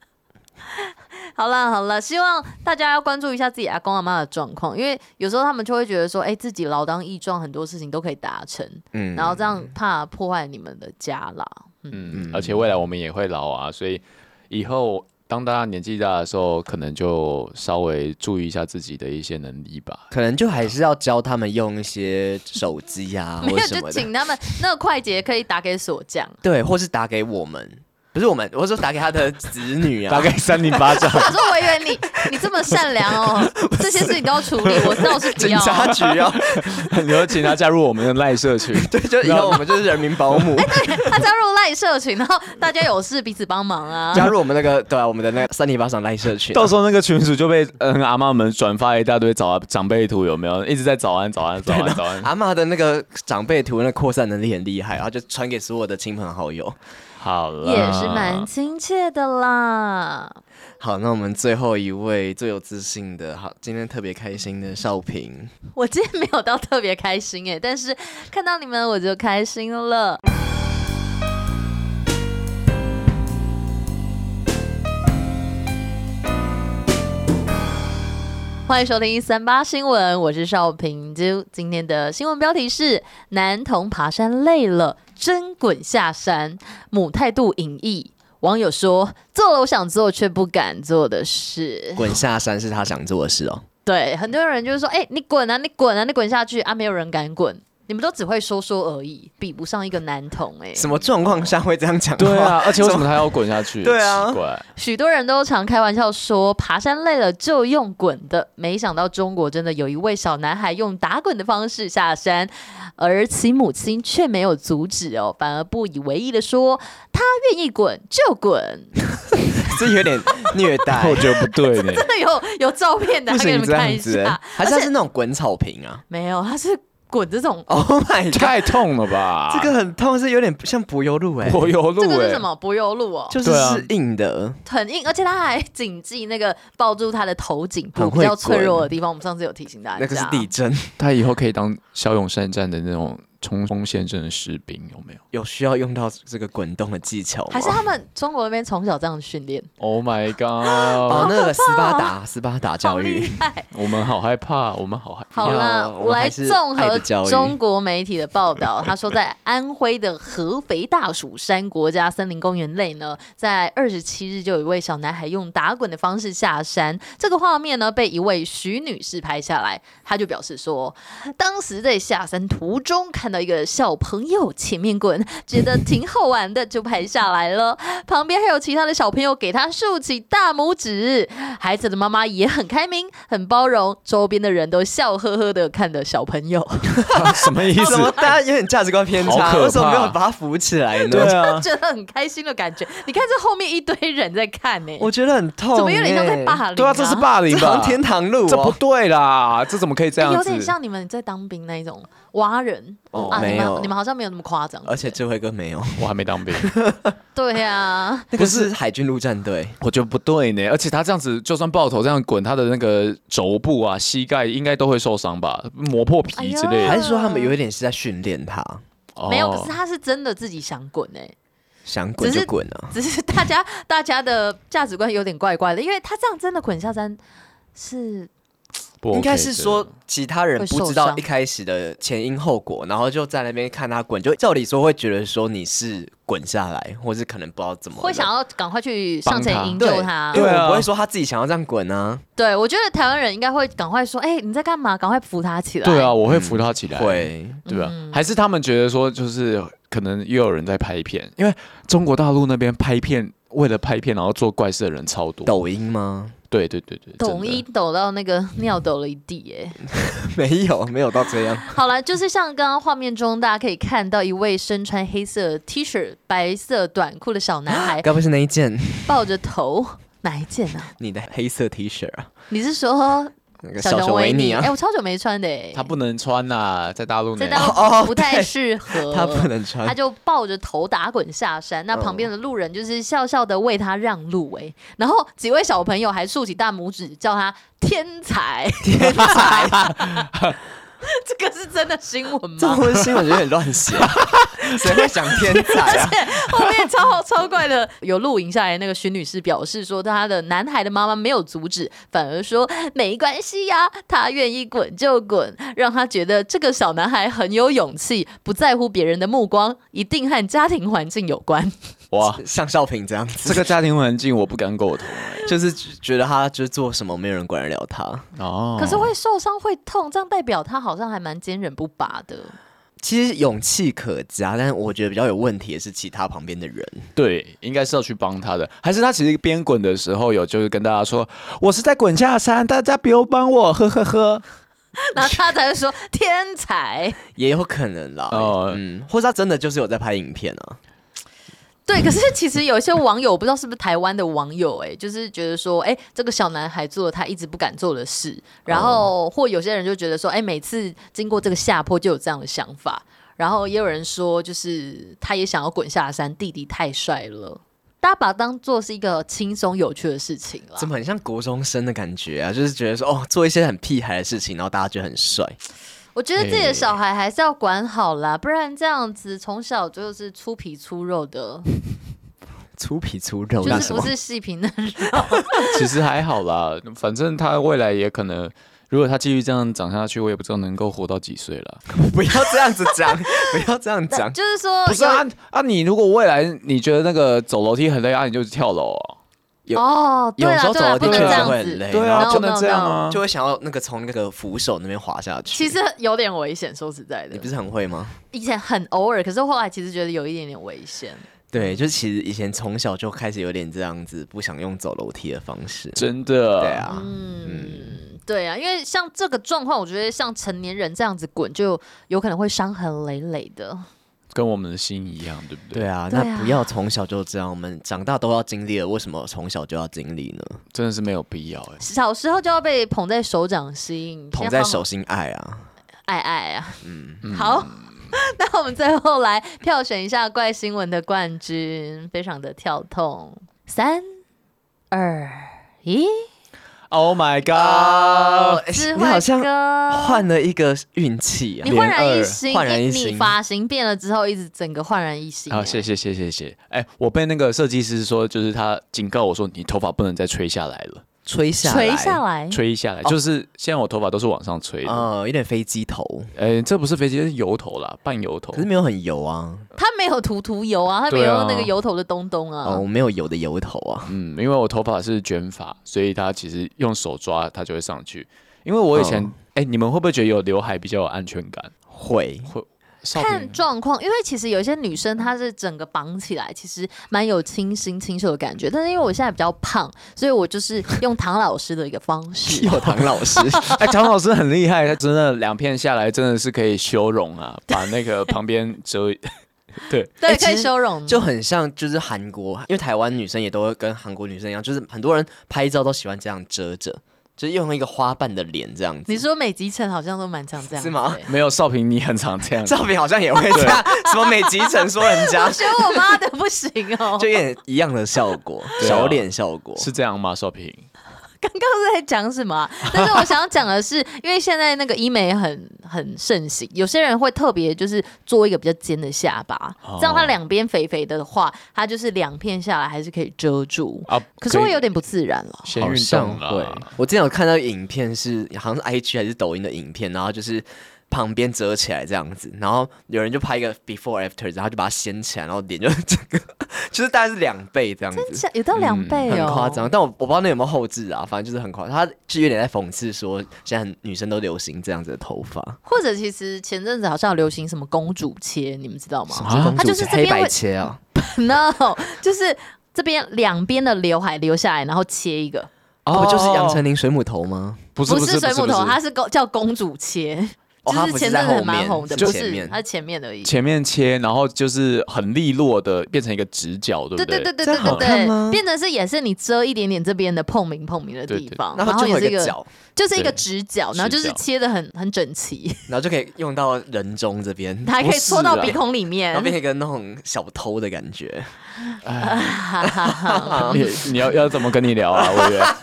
[LAUGHS] 好了好了，希望大家要關注一下自己阿公阿嬤的狀況，因為有時候他們就會覺得說，哎、欸，自己老當益壯，很多事情都可以達成。嗯，然後這樣怕破壞你們的家啦。嗯嗯，而且未來我們也會老啊，所以以後當大家年紀大的時候，可能就稍微注意一下自己的一些能力吧。可能就還是要教他們用一些手機啊， [LAUGHS] 沒有就請他們那個快捷可以打給鎖匠， [LAUGHS] 對，或是打給我們。不是我們，我是說打給他的子女啊，打給三尼巴掌。 [LAUGHS] 說我說，惟元，你你這麼善良哦， [LAUGHS] 這些事情都要處理，我倒是不要、哦。真需要，很有請他加入我們的賴社群。 [LAUGHS] 對，就以後我們就是人民保姆。哎， [LAUGHS] [LAUGHS] 欸、對，他加入賴社群，然後大家有事彼此幫忙啊。加入我們那個對啊，我們的那個三尼巴掌賴社群。到時候那個群主就被嗯、呃、阿媽們轉發了一大堆早啊長輩圖，有沒有？一直在早安早安早安早安。阿媽的那個長輩圖，那個、擴散能力很厲害、啊，然後就傳給所有的親朋好友。好，也是蠻親切的啦。好，那我們最後一位最有自信的，好，今天特別開心的紹平。 [LAUGHS] 我今天沒有到特別開心哎、欸，但是看到你們我就開心了。歡迎收聽三八新聞，我是紹平。今今天的新聞標題是：男童爬山累了，真滾下山，母態度隱逸。網友說：“做了我想做卻不敢做的事，滾下山是他想做的事哦。”對，很多人就是說：“哎、欸，你滾啊，你滾啊，你滾下去啊，沒有人敢滾。”你們都只會說說而已，比不上一個男童哎、欸。什麼狀況下會這樣講？對、啊、而且為什麼他要滾下去？對啊，奇怪、欸。許多人都常開玩笑說，爬山累了就用滾的。沒想到中國真的有一位小男孩用打滾的方式下山，而其母親卻沒有阻止哦、喔，反而不以為意的說：“他願意滾就滾。 [LAUGHS] ”這有點虐待，我覺得不對。真的有有照片的，他、欸、給你們看一下，還像是，是那種滾草坪啊？沒有，他是。滾這種，Oh my，God [LAUGHS] 太痛了吧？ [LAUGHS] 這個很痛，是有點像柏油路哎，柏油路。這個是什麼？柏油路哦，就是，是硬的，啊、很硬，而且他還謹記那個抱住他的頭頸部，比較脆弱的地方。我們上次有提醒大家，那個是地震，他以後可以當驍勇善戰的那種。衝鋒陷陣的士兵有沒有？有需要用到這個滾動的技巧，還是他們中國那邊從小這樣訓練？Oh my god！哦，好那個斯巴達，斯巴達教育， [LAUGHS] 我們好害怕，我們好害怕。好了，來綜合中國媒體的報道，他說在安徽的合肥大蜀山國家森林公園內呢，在二十七日就有一位小男孩用打滾的方式下山，這個畫面呢被一位徐女士拍下來，他就表示說，當時在下山途中看到。到一個小朋友前面滾，覺得挺好玩的，就拍下來了。 [LAUGHS] 旁邊還有其他的小朋友給他豎起大拇指。孩子的媽媽也很開明，很包容，周邊的人都笑呵呵的看着小朋友、啊。什麼意思？大家有點價值觀偏差、啊，為什麼沒有把他扶起來？呢？啊， [LAUGHS] 覺得很開心的感覺。你看這後面一堆人在看呢、欸，我覺得很痛、欸。怎麼有點像在霸凌、啊？對啊，這是霸凌吧？這天堂路、啊，這不對啦，這怎麼可以這樣、欸、有點像你們在當兵那一種挖人。啊、沒有，你們好像沒有那麼誇張。而且智慧哥沒有， [LAUGHS] 我還沒當兵 [LAUGHS] 對、啊。對呀，不是海軍陸戰隊，我覺得不對呢。而且他這樣子，就算抱頭這樣滾，他的那個肘部啊、膝蓋應該都會受傷吧，磨破皮之類的。哎、還是說他們有一點是在訓練他、哦？沒有，可是，他是真的自己想滾呢。想滾就滾呢、啊、只，只是大家 [LAUGHS] 大家的價值觀有點怪怪的，因為他這樣真的滾下山是。應該是說，其他人不知道一開始的前因後果，然後就在那邊看他滾。就照理說會覺得說你是滾下來，或是可能不知道怎麼。會想要趕快去上前營救他。對，因為我不會說他自己想要這樣滾啊。對，我覺得台灣人應該會趕快說：“哎、欸，你在幹嘛？趕快扶他起來。”對啊，我會扶他起來。會、嗯，對啊、嗯，還是他們覺得說，就是可能又有人在拍片，因為中國大陸那邊拍片為了拍片，然後做怪事的人超多。抖音嗎？對對對對，抖一抖到那個尿抖了一地耶。嗯，沒有沒有到這樣。 [LAUGHS] 好了，就是像剛剛畫面中大家可以看到一位身穿黑色 T 恤，白色短褲的小男孩，該不是那一件抱着頭哪一件啊？你的黑色 T 恤啊？你是說？那個、小熊維尼啊！哎、欸，我超久沒穿的、欸、他不能穿吶、啊，在大陸在不，不太適合、哦，他不能穿，他就抱着頭打滾下山。那旁邊的路人就是笑笑的為他讓路、欸，哎、嗯，然後幾位小朋友還豎起大拇指叫他天才天才。 [LAUGHS] [LAUGHS] [LAUGHS] 這個是真的新聞嗎？這新聞有點亂寫，誰 [LAUGHS] 會想天才啊？ [LAUGHS] 而且後面超好超怪的，有錄影下來，那個徐女士表示說，她的男孩的媽媽沒有阻止，反而說沒關係呀、啊，他願意滾就滾，讓她覺得這個小男孩很有勇氣，不在乎別人的目光，一定和家庭環境有關。哇，像紹平這樣子，這個家庭環境我不敢苟同，就是覺得他就是做什麼沒有人管得了他哦。可是會受傷會痛，這樣代表他好像還蠻堅忍不拔的。其實勇氣可嘉，但是我覺得比較有問題的是其他旁邊的人。對，應該是要去幫他的，還是他其實邊滾的時候有就是跟大家說，我是在滾下山，大家不要幫我，呵呵呵。然 [LAUGHS] 後他才說天才，也有可能啦。哦、嗯，或者他真的就是有在拍影片啊。 [LAUGHS] 對，可是其實有一些網友我不知道是不是台灣的網友欸，就是覺得說，欸，這個小男孩做了他一直不敢做的事，然後或有些人就覺得說，欸，每次經過這個下坡就有這樣的想法，然後也有人說，就是他也想要滾下山，弟弟太帥了，大家把他當做是一個輕鬆有趣的事情了，怎麼很像國中生的感覺啊？就是覺得說，哦，做一些很屁孩的事情，然後大家覺得很帥。我覺得自己的小孩還是要管好啦，欸、不然這樣子從小就是粗皮粗肉的， [LAUGHS] 粗皮粗肉，就是不是細皮嫩肉。 [LAUGHS] 其實還好啦，反正他未來也可能，如果他繼續這樣長下去，我也不知道能夠活到幾歲了。 [LAUGHS] 不要這樣子講， [LAUGHS] 不要這樣講、 [LAUGHS] 啊，就是說，不是啊啊！你如果未來你覺得那個走樓梯很累啊，你就跳樓、哦。哦、oh, 啊，有時候走樓梯確實、啊、會很累，對啊，就不能這樣啊，就會想要那個從那個扶手那邊滑下去。其實有點危險，說實在的。你不是很會嗎？以前很偶爾，可是後來其實覺得有一點點危險。對，就是其實以前從小就開始有點這樣子，不想用走樓梯的方式。真的對啊，嗯，對啊，因為像這個狀況，我覺得像成年人這樣子滾，就有可能會傷痕累累的。跟我們的心一樣，對不對？對啊，那不要從小就這樣，我們長大都要經歷了。為什麼從小就要經歷呢？真的是沒有必要，欸，小時候就要被捧在手掌心，在捧在手心愛啊，愛愛啊嗯。嗯，好，那我們最後來票選一下怪新聞的冠軍，非常的跳痛，三二一。Oh my god！Oh, 你好像換了一個運氣啊，你煥然一新，一新，你髮型變了之後，一直整個煥然一新。啊。好，oh,，謝謝謝謝謝。哎，欸，我被那個設計師說，就是他警告我說，你頭髮不能再吹下來了。吹下來，吹下來，吹下來，oh. 就是現在我頭髮都是往上吹，的，呃，有點飛機頭，呃、欸，這不是飛機，是油頭啦，半油頭，可是沒有很油啊，它、嗯、沒有塗塗油啊，它沒有那個油頭的東東啊，我、oh, 沒有油的油頭啊，嗯，因為我頭髮是卷髮，所以它其實用手抓它就會上去，因為我以前，哎、oh. 欸，你們會不會覺得有劉海比較有安全感？會，會。看狀況，因為其實有一些女生她是整個綁起來，其實蠻有清新清秀的感覺。但是因為我現在比較胖，所以我就是用唐老師的一個方式、啊。 [LAUGHS] 有唐老師， [LAUGHS] 哎，唐老師很厲害，他真的兩片下來真的是可以修容啊，把那個旁邊遮。對 [LAUGHS] [LAUGHS] 對，可以修容，欸、就很像就是韓國，因為台灣女生也都會跟韓國女生一樣，就是很多人拍照都喜歡這樣遮着。就用一個花瓣的臉這樣子。你說美集成好像都蠻常這樣，欸，是嗎？沒有紹平，你很常這樣。 [LAUGHS] 紹平好像也會這樣。 [LAUGHS] 什麼美集成說人家說 [LAUGHS] 我媽的不行哦，喔，就演一樣的效果， [LAUGHS] 小臉效果是這樣嗎？紹平。剛剛在講什麼、啊？但是我想要講的是， [LAUGHS] 因為現在那個醫美很很盛行，有些人會特別就是做一個比較尖的下巴，這樣它兩邊肥肥的話，它就是兩片下來還是可以遮住、啊、可是會有點不自然了，好像會對。我之前有看到一個影片是，是好像是 IG 還是抖音的影片，然後就是。旁邊折起來這樣子，然後有人就拍一個 before after，然後就把它掀起來，然後臉就整個，就是大概是兩倍這樣子，有到兩倍、哦嗯，很誇張。但我我不知道那有沒有後製啊，反正就是很誇張。他就有點在諷刺說，現在女生都流行這樣子的頭髮，或者其實前陣子好像有流行什麼公主切，你們知道嗎？她、啊、他就是黑白切啊，no，就是這邊兩邊的劉海留下來，然後切一個，啊，不就是楊丞琳水母頭嗎？不是，水母頭，她是公叫公主切。哦、它不是就是前陣子很蠻紅的，就是，前不是它是前面而已。前面切，然後就是很利落的變成一個直角，對不對？對對對對對對，對，變成是也是你遮一點點這邊的透明透明的地方對對對，然後後，然後也是一個就是一個直角，然後就是切的很很整齊，然後就可以用到人中這邊， [LAUGHS] 還可以戳到鼻孔裡面，然後變成一個那種小偷的感覺。 [LAUGHS] 你 [LAUGHS] 你，你要要怎麼跟你聊啊？我覺得，哎、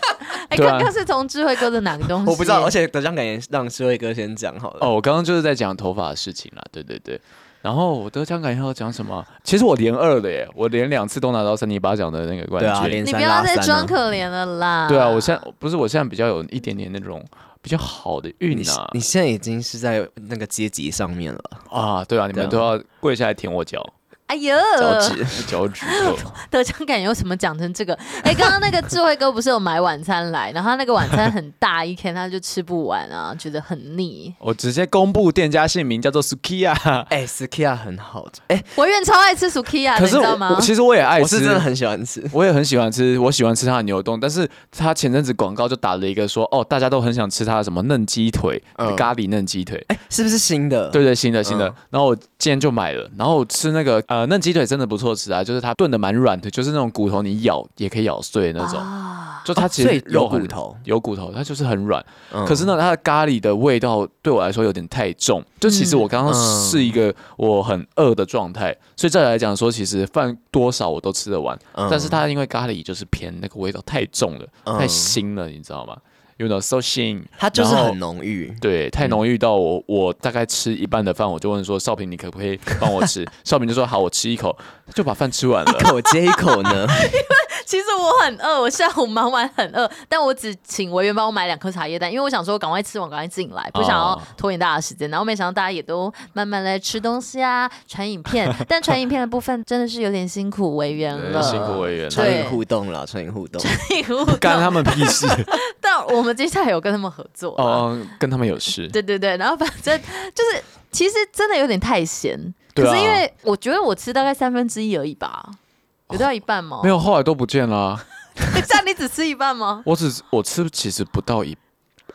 [LAUGHS] 欸，剛剛、啊、是從智慧哥的哪個東西？我不知道。而且得獎感言讓智慧哥先講好了。哦，我剛剛就是在講頭髮的事情啦。對對對。然後我得獎感言要講什麼？其實我連二的耶，我連兩次都拿到三尼巴掌獎的那個冠軍。對啊，連三三啊，你不要再裝可憐了啦。對啊，我現在不是我現在比較有一點點那種比較好的運吶、啊。你現在已經是在那個階級上面了啊？對啊，你們都要跪下來舔我腳。哎呦，腳趾腳趾， [LAUGHS] 德昌感覺有什麼講成這個？哎、欸，剛剛那個智慧哥不是有買晚餐來，然後他那個晚餐很大，一天 [LAUGHS] 他就吃不完啊，覺得很膩。我直接公布店家姓名，叫做 Sukiya。哎、欸、Sukiya 很好。哎、欸，我永遠超愛吃 Sukiya，你知道嗎？其實我也愛吃，我是真的很喜歡吃，我也很喜歡吃。我喜歡吃它的牛丼，但是他前陣子廣告就打了一個說，哦，大家都很想吃它的什麼嫩雞腿、嗯、咖喱嫩雞腿，哎、欸，是不是新的？對對、對，新的、嗯、新的。然後我今天就買了，然後我吃那個。嗯嗯、那雞腿真的不錯吃啊，就是它燉的蠻軟的，就是那種骨頭你咬也可以咬碎的那種、啊，就它其實有骨頭、哦、有骨頭，有骨頭，它就是很軟、嗯。可是呢，它的咖喱的味道對我來說有點太重，就其實我剛剛是一個我很餓的狀態，嗯、所以再來講說，其實飯多少我都吃得完，嗯、但是它因為咖喱就是偏那個味道太重了、嗯，太腥了，你知道嗎？用 you 的 know, so 鮮，它就是很濃郁，對，太濃郁到我、嗯，我大概吃一半的飯，我就問說：“嗯、紹平，你可不可以幫我吃？” [LAUGHS] 紹平就說：“好，我吃一口，就把飯吃完了。”一口接一口呢？ [LAUGHS] 因為其實我很餓，我下午忙完很餓，但我只請惟元幫我買兩顆茶葉蛋，因為我想說趕快吃完，趕快進來，不想要拖延大家的時間。然後沒想到大家也都慢慢來吃東西啊，傳影片。 [LAUGHS] 但傳影片的部分真的是有點辛苦惟元了，辛苦惟元了，傳影互動了，傳影互動，傳影互動干他們屁事。 [LAUGHS] 我們接下來有跟他們合作，哦、呃，跟他們有事、嗯，對對對，然後反正就是，其實真的有點太鹹，對、啊。可是因為我覺得我吃大概三分之一而已吧，有到一半嗎？哦、沒有，後來都不見了、啊， [LAUGHS] 這樣你只吃一半嗎？ [LAUGHS] 我只我吃，其實不到一半。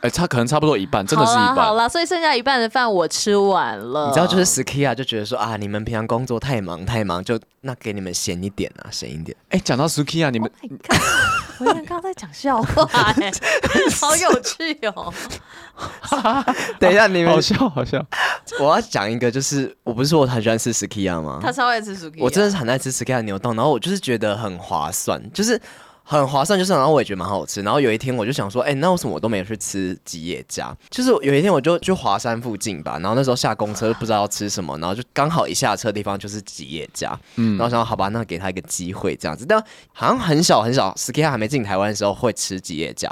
哎、欸，差可能差不多一半，真的是一半。好了，所以剩下一半的飯我吃完了。你知道，就是 Sukiya 啊，就覺得說啊，你們平常工作太忙太忙，就那給你們閒一點啊，閒一點。哎、欸，講到 Sukiya 啊，你們，oh、God, [LAUGHS] 我剛剛在講笑話、欸，好有趣哦、喔。 [LAUGHS] [LAUGHS] [LAUGHS] 等一下，你們好笑，好笑。我要講一個，就是我不是說我很喜歡吃 Sukiya 啊嗎？他超愛吃 Sukiya，我真的是很愛吃 Sukiya 的牛丼，然後我就是覺得很划算，就是。很划算，就是，然後我也覺得蠻好吃。然後有一天我就想說，哎、欸，那為什麼我都沒有去吃吉野家？就是有一天我就去華山附近吧，然後那時候下公車不知道要吃什麼，啊、然後就剛好一下車的地方就是吉野家，嗯，然後想說好吧，那給他一個機會這樣子。但好像很小很小，Sukiya 還沒進台灣的時候會吃吉野家，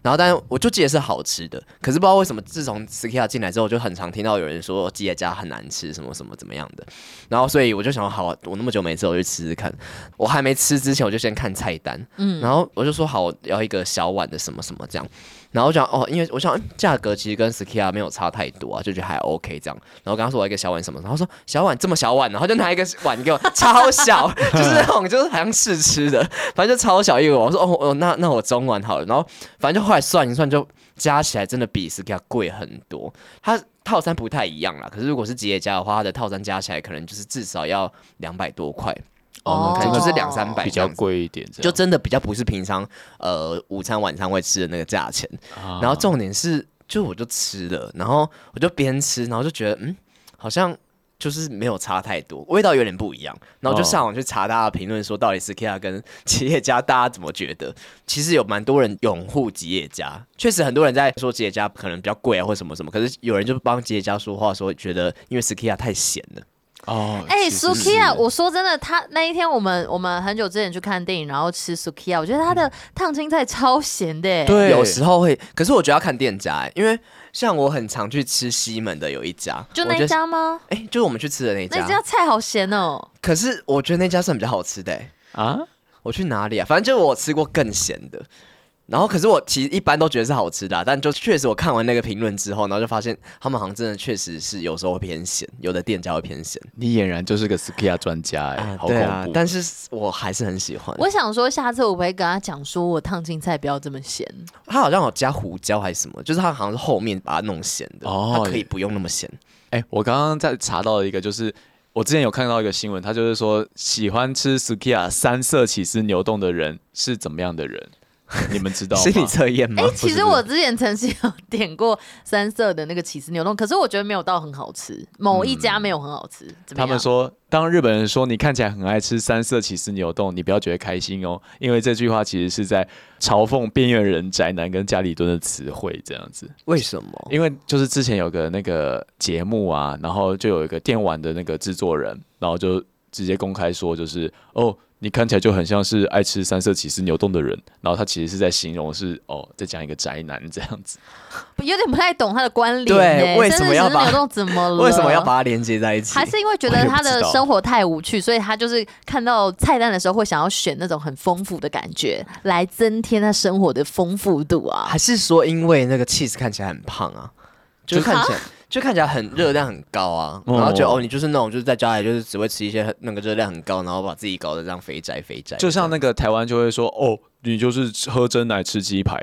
然後但我就記得是好吃的，可是不知道為什麼自從 Sukiya 進來之後，就很常聽到有人說吉野家很難吃，什麼什麼怎麼樣的。然後所以我就想，好，我那麼久沒吃，我就吃吃看。我還沒吃之前，我就先看菜單，嗯。然後我就說，好，我要一個小碗的什麼什麼這樣，然後我就想哦，因為我想價格其實跟 Sukiya 沒有差太多啊，就覺得還 OK 這樣。然後我跟他說我要一個小碗什麼，然後我說小碗這麼小碗，然後就拿一個碗給我，超小， [LAUGHS] 就是那種就是好像試吃的，反正就超小一個。我說哦哦，那那我中碗好了。然後反正就後來算一算，就加起來真的比 Sukiya 貴很多。他套餐不太一樣啦，可是如果是吉野家的話，他的套餐加起來可能就是至少要兩百多塊。可、oh, 能就是兩三百，哦，比較貴一點，就真的比較不是平常呃午餐晚餐會吃的那個價錢、啊。然後重點是，就我就吃了，然後我就邊吃，然後就覺得嗯，好像就是沒有差太多，味道有點不一樣。然後就上網去查大家的評論說，到底是 Kia 跟吉野家大家怎麼覺得？哦、其實有蠻多人擁護吉野家，確實很多人在說吉野家可能比較貴啊或什麼什麼，可是有人就幫吉野家說話，說覺得因為斯 Kia 太鹹了。哦，哎、欸，Sukiya，我說真的，他那一天我們我們很久之前去看電影，然後吃 Sukiya，我覺得他的燙青菜超鹹的、欸，對，有時候會，可是我覺得要看店家、欸，哎，因為像我很常去吃西門的有一家，就那一家嗎？哎、欸，就是我們去吃的那一家，那一家菜好鹹哦、喔，可是我覺得那家算比較好吃的、欸、啊，我去哪裡啊？反正就是我吃過更鹹的。然後，可是我其實一般都覺得是好吃的、啊，但就確實我看完那個評論之後，然後就發現他們好像真的確實是有時候會偏鹹，有的店家會偏鹹。你儼然就是個 Sukiya 專家哎、欸啊，對啊，但是我還是很喜歡。我想說，下次我會跟他講，說我燙青菜不要這麼鹹。他好像有加胡椒還是什麼，就是他好像是後面把它弄鹹的、哦，他可以不用那麼鹹。哎、欸欸，我剛剛在查到了一個，就是我之前有看到一個新聞，他就是說喜歡吃 Sukiya 三色起司牛丼的人是怎麼樣的人。 [LAUGHS] 你們知道心理測驗嗎？哎、 [LAUGHS] 欸，其實我之前曾經有點過三色的那個起司牛丼， [LAUGHS] 可是我覺得沒有到很好吃。某一家沒有很好吃。嗯，他們說，當日本人說你看起來很愛吃三色起司牛丼，你不要覺得開心哦，因為這句話其實是在嘲諷邊緣人、宅男跟家裡蹲的詞彙這樣子。為什麼？因為就是之前有個那個節目啊，然後就有一個電玩的那個制作人，然後就直接公開說就是哦。你看起來就很像是愛吃三色起司牛丼的人，然後他其實是在形容是哦，在講一個宅男這樣子，有點不太懂他的關聯，欸。對，為什麼要把牛丼怎麼了？為什麼要把它連接在一起？還是因為覺得他的生活太無趣，所以他就是看到菜單的時候會想要選那種很豐富的感覺，來增添他生活的豐富度啊？還是說因為那個起司看起來很胖啊，啊就看起來？就看起來很熱量很高啊，嗯、然後就哦，你就是那種就是在家裡就是只會吃一些那個熱量很高，然後把自己搞得這樣肥宅肥宅。就像那個台灣就會說哦，你就是喝珍奶吃雞排。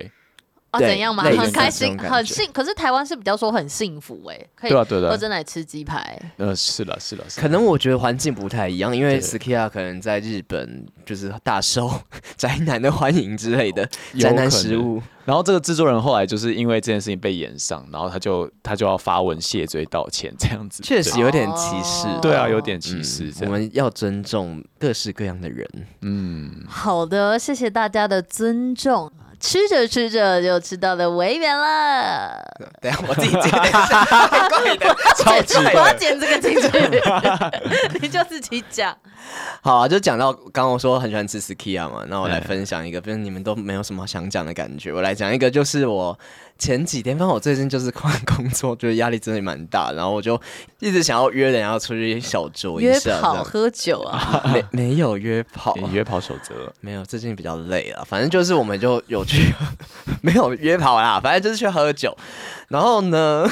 啊、怎樣嘛，很開心、就是，很幸。可是台灣是比較說很幸福哎、欸，可以喝珍奶吃雞排。啊啊、呃是了，是了，可能我覺得環境不太一樣，因為 Skiya 可能在日本就是大受 [LAUGHS] 宅男的歡迎之類的宅男食物。然後這個制作人後來就是因為這件事情被炎上，然後他就他就要發文謝罪道歉這樣子。確實有點歧視、oh，對啊，有點歧視、嗯。我們要尊重各式各樣的人。嗯，好的，謝謝大家的尊重。吃着吃着，就吃到了惟元了。我自己剪，我要剪這個進去， [LAUGHS] [LAUGHS] [LAUGHS] 你就自己講。好啊，就講到剛剛我說很喜歡吃斯奎啊嘛，那我來分享一個，畢竟你們都沒有什麼想講的感覺，我來講一個，就是我前幾天，反正我最近就是換工作，覺得壓力真的蠻大，然後我就一直想要約人要出去小酌一下，約跑喝酒啊，沒沒有約跑，約跑守則沒有，最近比較累了，反正就是我們就有去， [LAUGHS] 沒有約跑啦，反正就是去喝酒，然後呢。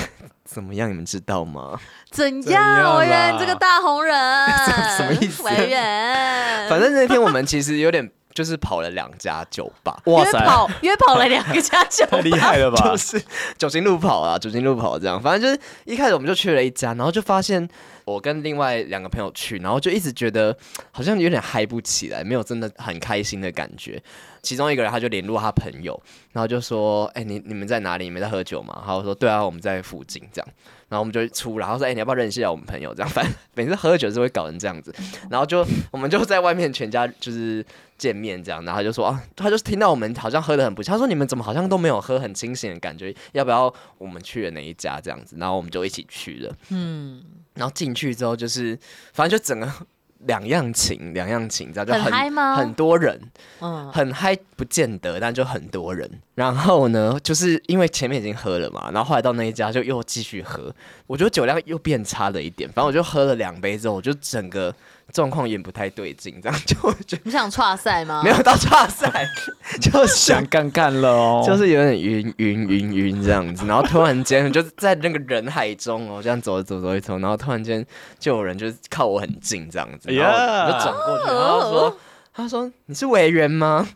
怎麼樣？你們知道嗎？怎樣？惟元這個大紅人， [LAUGHS] 什麼意思啊？反正那天我們其實有點就是跑了兩家酒吧， [LAUGHS] 哇塞，約跑，約跑了兩家酒吧，厲 [LAUGHS] 害了吧？就是酒精路跑啊，酒精路跑這樣，反正就是一開始我們就去了一家，然後就發現我跟另外兩個朋友去，然後就一直覺得好像有點嗨不起來，沒有真的很開心的感覺。其中一個人他就聯絡他朋友，然後就說：“哎、欸，你你們在哪裡？你們在喝酒嗎？”然後我說：“對啊，我們在附近這樣。”然後我們就出然後說：“哎、欸，你要不要認識一下我們朋友？”這樣，反正每次喝酒是會搞成這樣子。然後就我們就在外面全家就是見面這樣。然後就說：“啊，他就聽到我們好像喝得很不像，他說你們怎麼好像都沒有喝很清醒的感覺？要不要我們去那一家這樣子？”然後我們就一起去了。嗯，然後進去之後就是，反正就整個。兩樣情，兩樣情，這樣就很，很嗨嗎？很多人，嗯，很嗨，不見得，但就很多人。然後呢，就是因為前面已經喝了嘛，然後後來到那一家就又繼續喝，我覺得酒量又變差了一點。反正我就喝了兩杯之後，我就整個。狀況也不太對勁，這樣就覺得你想挫賽嗎？沒有到挫賽， [LAUGHS] [LAUGHS] 就想乾乾了哦， [LAUGHS] 就是有點暈暈暈暈這樣子，然後突然間就在那個人海中哦，這樣走走走一走，然後突然間就有人就是靠我很近這樣子，然後我就轉過去，yeah. 然後說：“ oh. 他說你是委員嗎？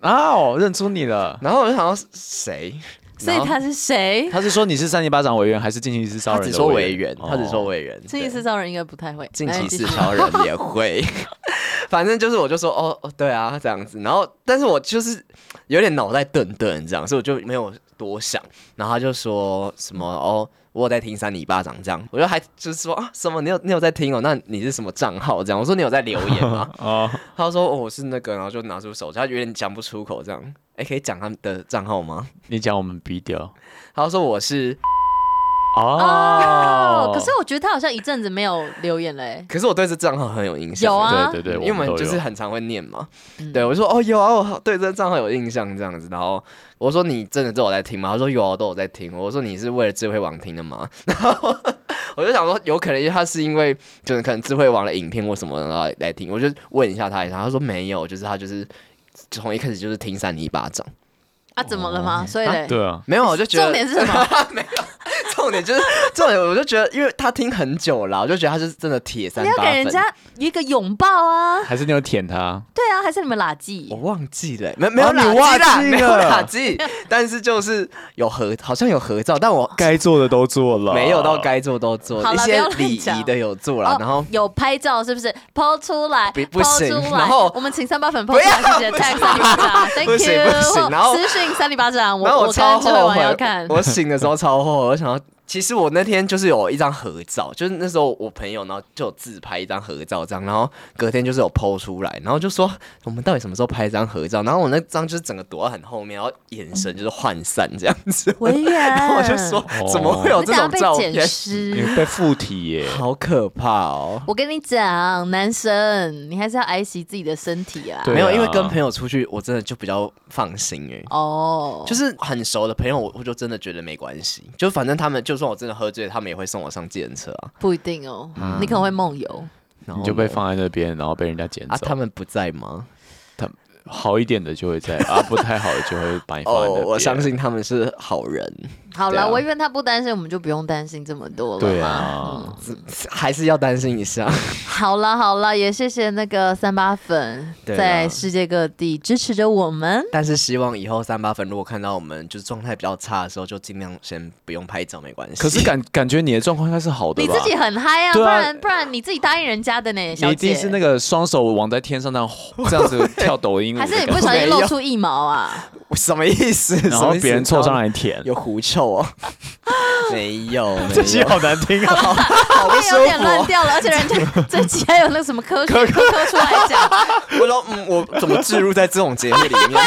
啊哦，認出你了。”然後我就想到誰。所以他是誰？他是說你是三尼巴掌委員，還是進行一次騷人？只說委員，他只說委員。進行一次騷人應該不太會，進行一次騷人也會。 [LAUGHS] [LAUGHS] 反正就是，我就說哦哦，對啊，這樣子。然後，但是我就是有點腦袋鈍鈍，這樣，所以我就沒有多想。然後他就說什麼哦，我有在聽三尼巴掌這樣。我就還就是說啊，什麼？你有你有在聽哦？那你是什麼賬號這樣？我說你有在留言嗎、啊 [LAUGHS] 哦？哦，他說我是那個，然後就拿出手機他有點講不出口這樣。哎、欸，可以講他的賬號嗎？你講我們 B 調。他說我是哦，oh、 [LAUGHS] 可是我覺得他好像一陣子沒有留言嘞、欸。 [LAUGHS] 可是我對這賬號很有印象。啊，對對對，因為我們就是很常會念嘛。嗯、對，我說哦有啊，我對這賬號有印象，這樣子。然後我說你真的都我在聽嗎？他說有啊，都有在聽。我說你是為了智慧王聽的嗎？然後我就想說，有可能他是因為就是可能智慧王的影片或什麼後來，來聽。我就問一下他一下，他說沒有，就是他就是。從一開始就是聽三尼一巴掌，啊？怎麼了嗎？哦、所以啊對啊，沒有，我就覺得重點是什麼？ [LAUGHS] 重 [LAUGHS] 點就是重點。這種我就覺得，因為他聽很久了，我就覺得他是真的鐵三八粉。你要給人家一個擁抱啊？還是你有舔他？對啊，還是你們垃圾我忘記了，沒沒有拉記了，沒有拉記。但是就是有合，好像有合照，但我該做的都做了，沒有，到該做都做了。 [LAUGHS] 一些禮儀的有做了，然後、哦、有拍照，是不是拋出來？拋出來，然後我們請三八粉拋。不要，不要，太快了，Thank you。不行，不行。然後私信三尼巴掌，我我超後悔，我要看。 [LAUGHS] 我醒的時候超後悔，我想要。其實我那天就是有一張合照，就是那時候我朋友呢就自拍一張合照，這樣，然後隔天就是有 PO 出來，然後就說我們到底什麼時候拍一張合照？然後我那張就是整個躲在很後面，然後眼神就是渙散這樣子。嗯、 [LAUGHS] [LAUGHS] 然後我就說怎、哦、麼會有這種照片？被撿屍、欸，被附體耶、欸，好可怕哦！我跟你講，男生你還是要愛惜自己的身體啊，對啊。沒有，因為跟朋友出去，我真的就比較放心耶、欸。哦，就是很熟的朋友，我我就真的覺得沒關係，就反正他們就是。就我真的喝醉，他們也會送我上計程車啊，不一定哦，嗯、你可能會夢遊，你就被放在那邊，然後被人家撿走、啊。他們不在嗎？好一點的就會在 [LAUGHS] 啊，不太好的就會把你放。哦、 [LAUGHS] oh，我相信他們是好人。好了、啊，我以為他不擔心，我們就不用擔心這麼多了。對啊，嗯、還是要擔心一下。好了好了，也謝謝那個三八粉在世界各地支持着我們、啊。但是希望以後三八粉如果看到我們就是狀態比較差的時候，就儘量先不用拍照，沒關係。可是感感覺你的狀況應該是好的吧？你自己很嗨啊，啊，不然不然你自己答應人家的呢？小你一定是那個雙手往在天上那樣，這樣子跳抖音。 [LAUGHS] [LAUGHS] 還是你不小心露出一毛啊？ [LAUGHS] 什麼意思？然後別人湊上來舔，有狐臭啊、哦？ [LAUGHS] 沒有，沒有，這期好難聽啊！ [LAUGHS] 好啊 [LAUGHS] 有點亂掉了，而且人家 [LAUGHS] 這期還有那什麼科 [LAUGHS] 科，科，科出來講。我說嗯，我怎麼置入在這種節目裡面？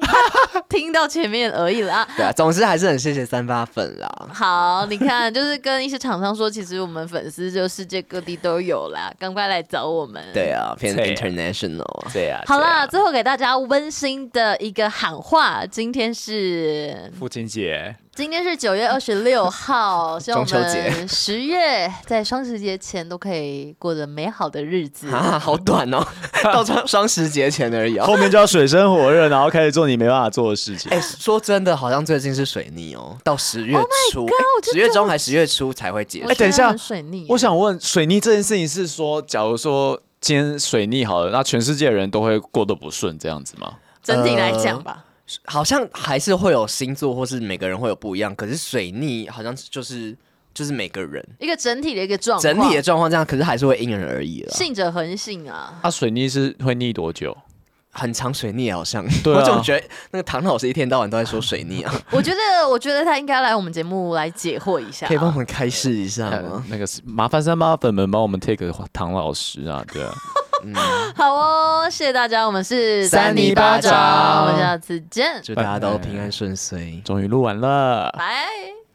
[LAUGHS] 聽到前面而已了，對啊，總之還是很謝謝三八粉啦。好，你看，就是跟一些廠商說，其實我們粉絲就世界各地都有啦，趕快來找我們。對啊，變成 international。對啊，好了，最後給大家溫馨的一個喊話，今天是父親節。今天是九月二十六號，中秋節。十月在雙十節前都可以過得美好的日子啊， [LAUGHS] 好短哦， [LAUGHS] 到雙雙十節前而已啊、哦， [LAUGHS] 後面就要水深火熱，然後開始做你沒辦法做的事情。哎、欸，說真的，好像最近是水逆哦，到十月初、十、oh 欸、月中還十月初才會結束。哎、欸，等一下，我想問水逆。我想問，水逆這件事情是說，假如說今天水逆好了，那全世界人都會過得不順這樣子嗎？整、呃、體來講吧。好像還是會有星座，或是每個人會有不一樣。可是水逆好像就是就是每個人一個整體的一個狀況，整體的狀況這樣，可是還是會因人而異了。信者恆信啊！他、啊啊、水逆是會逆多久？很長水逆好像。對啊、 [LAUGHS] 我總覺得那個唐老師一天到晚都在說水逆啊。 [LAUGHS] 我覺得，我覺得他應該來我們節目來解惑一下、啊，可以幫我們開示一下嗎？呃、那個麻煩三八粉們幫我們 take 唐老師啊，對啊。 [LAUGHS] 嗯、 [LAUGHS] 好哦，謝謝大家，我們是三尼巴掌，我們下次見，祝大家都平安順遂，終於錄完了，拜拜。拜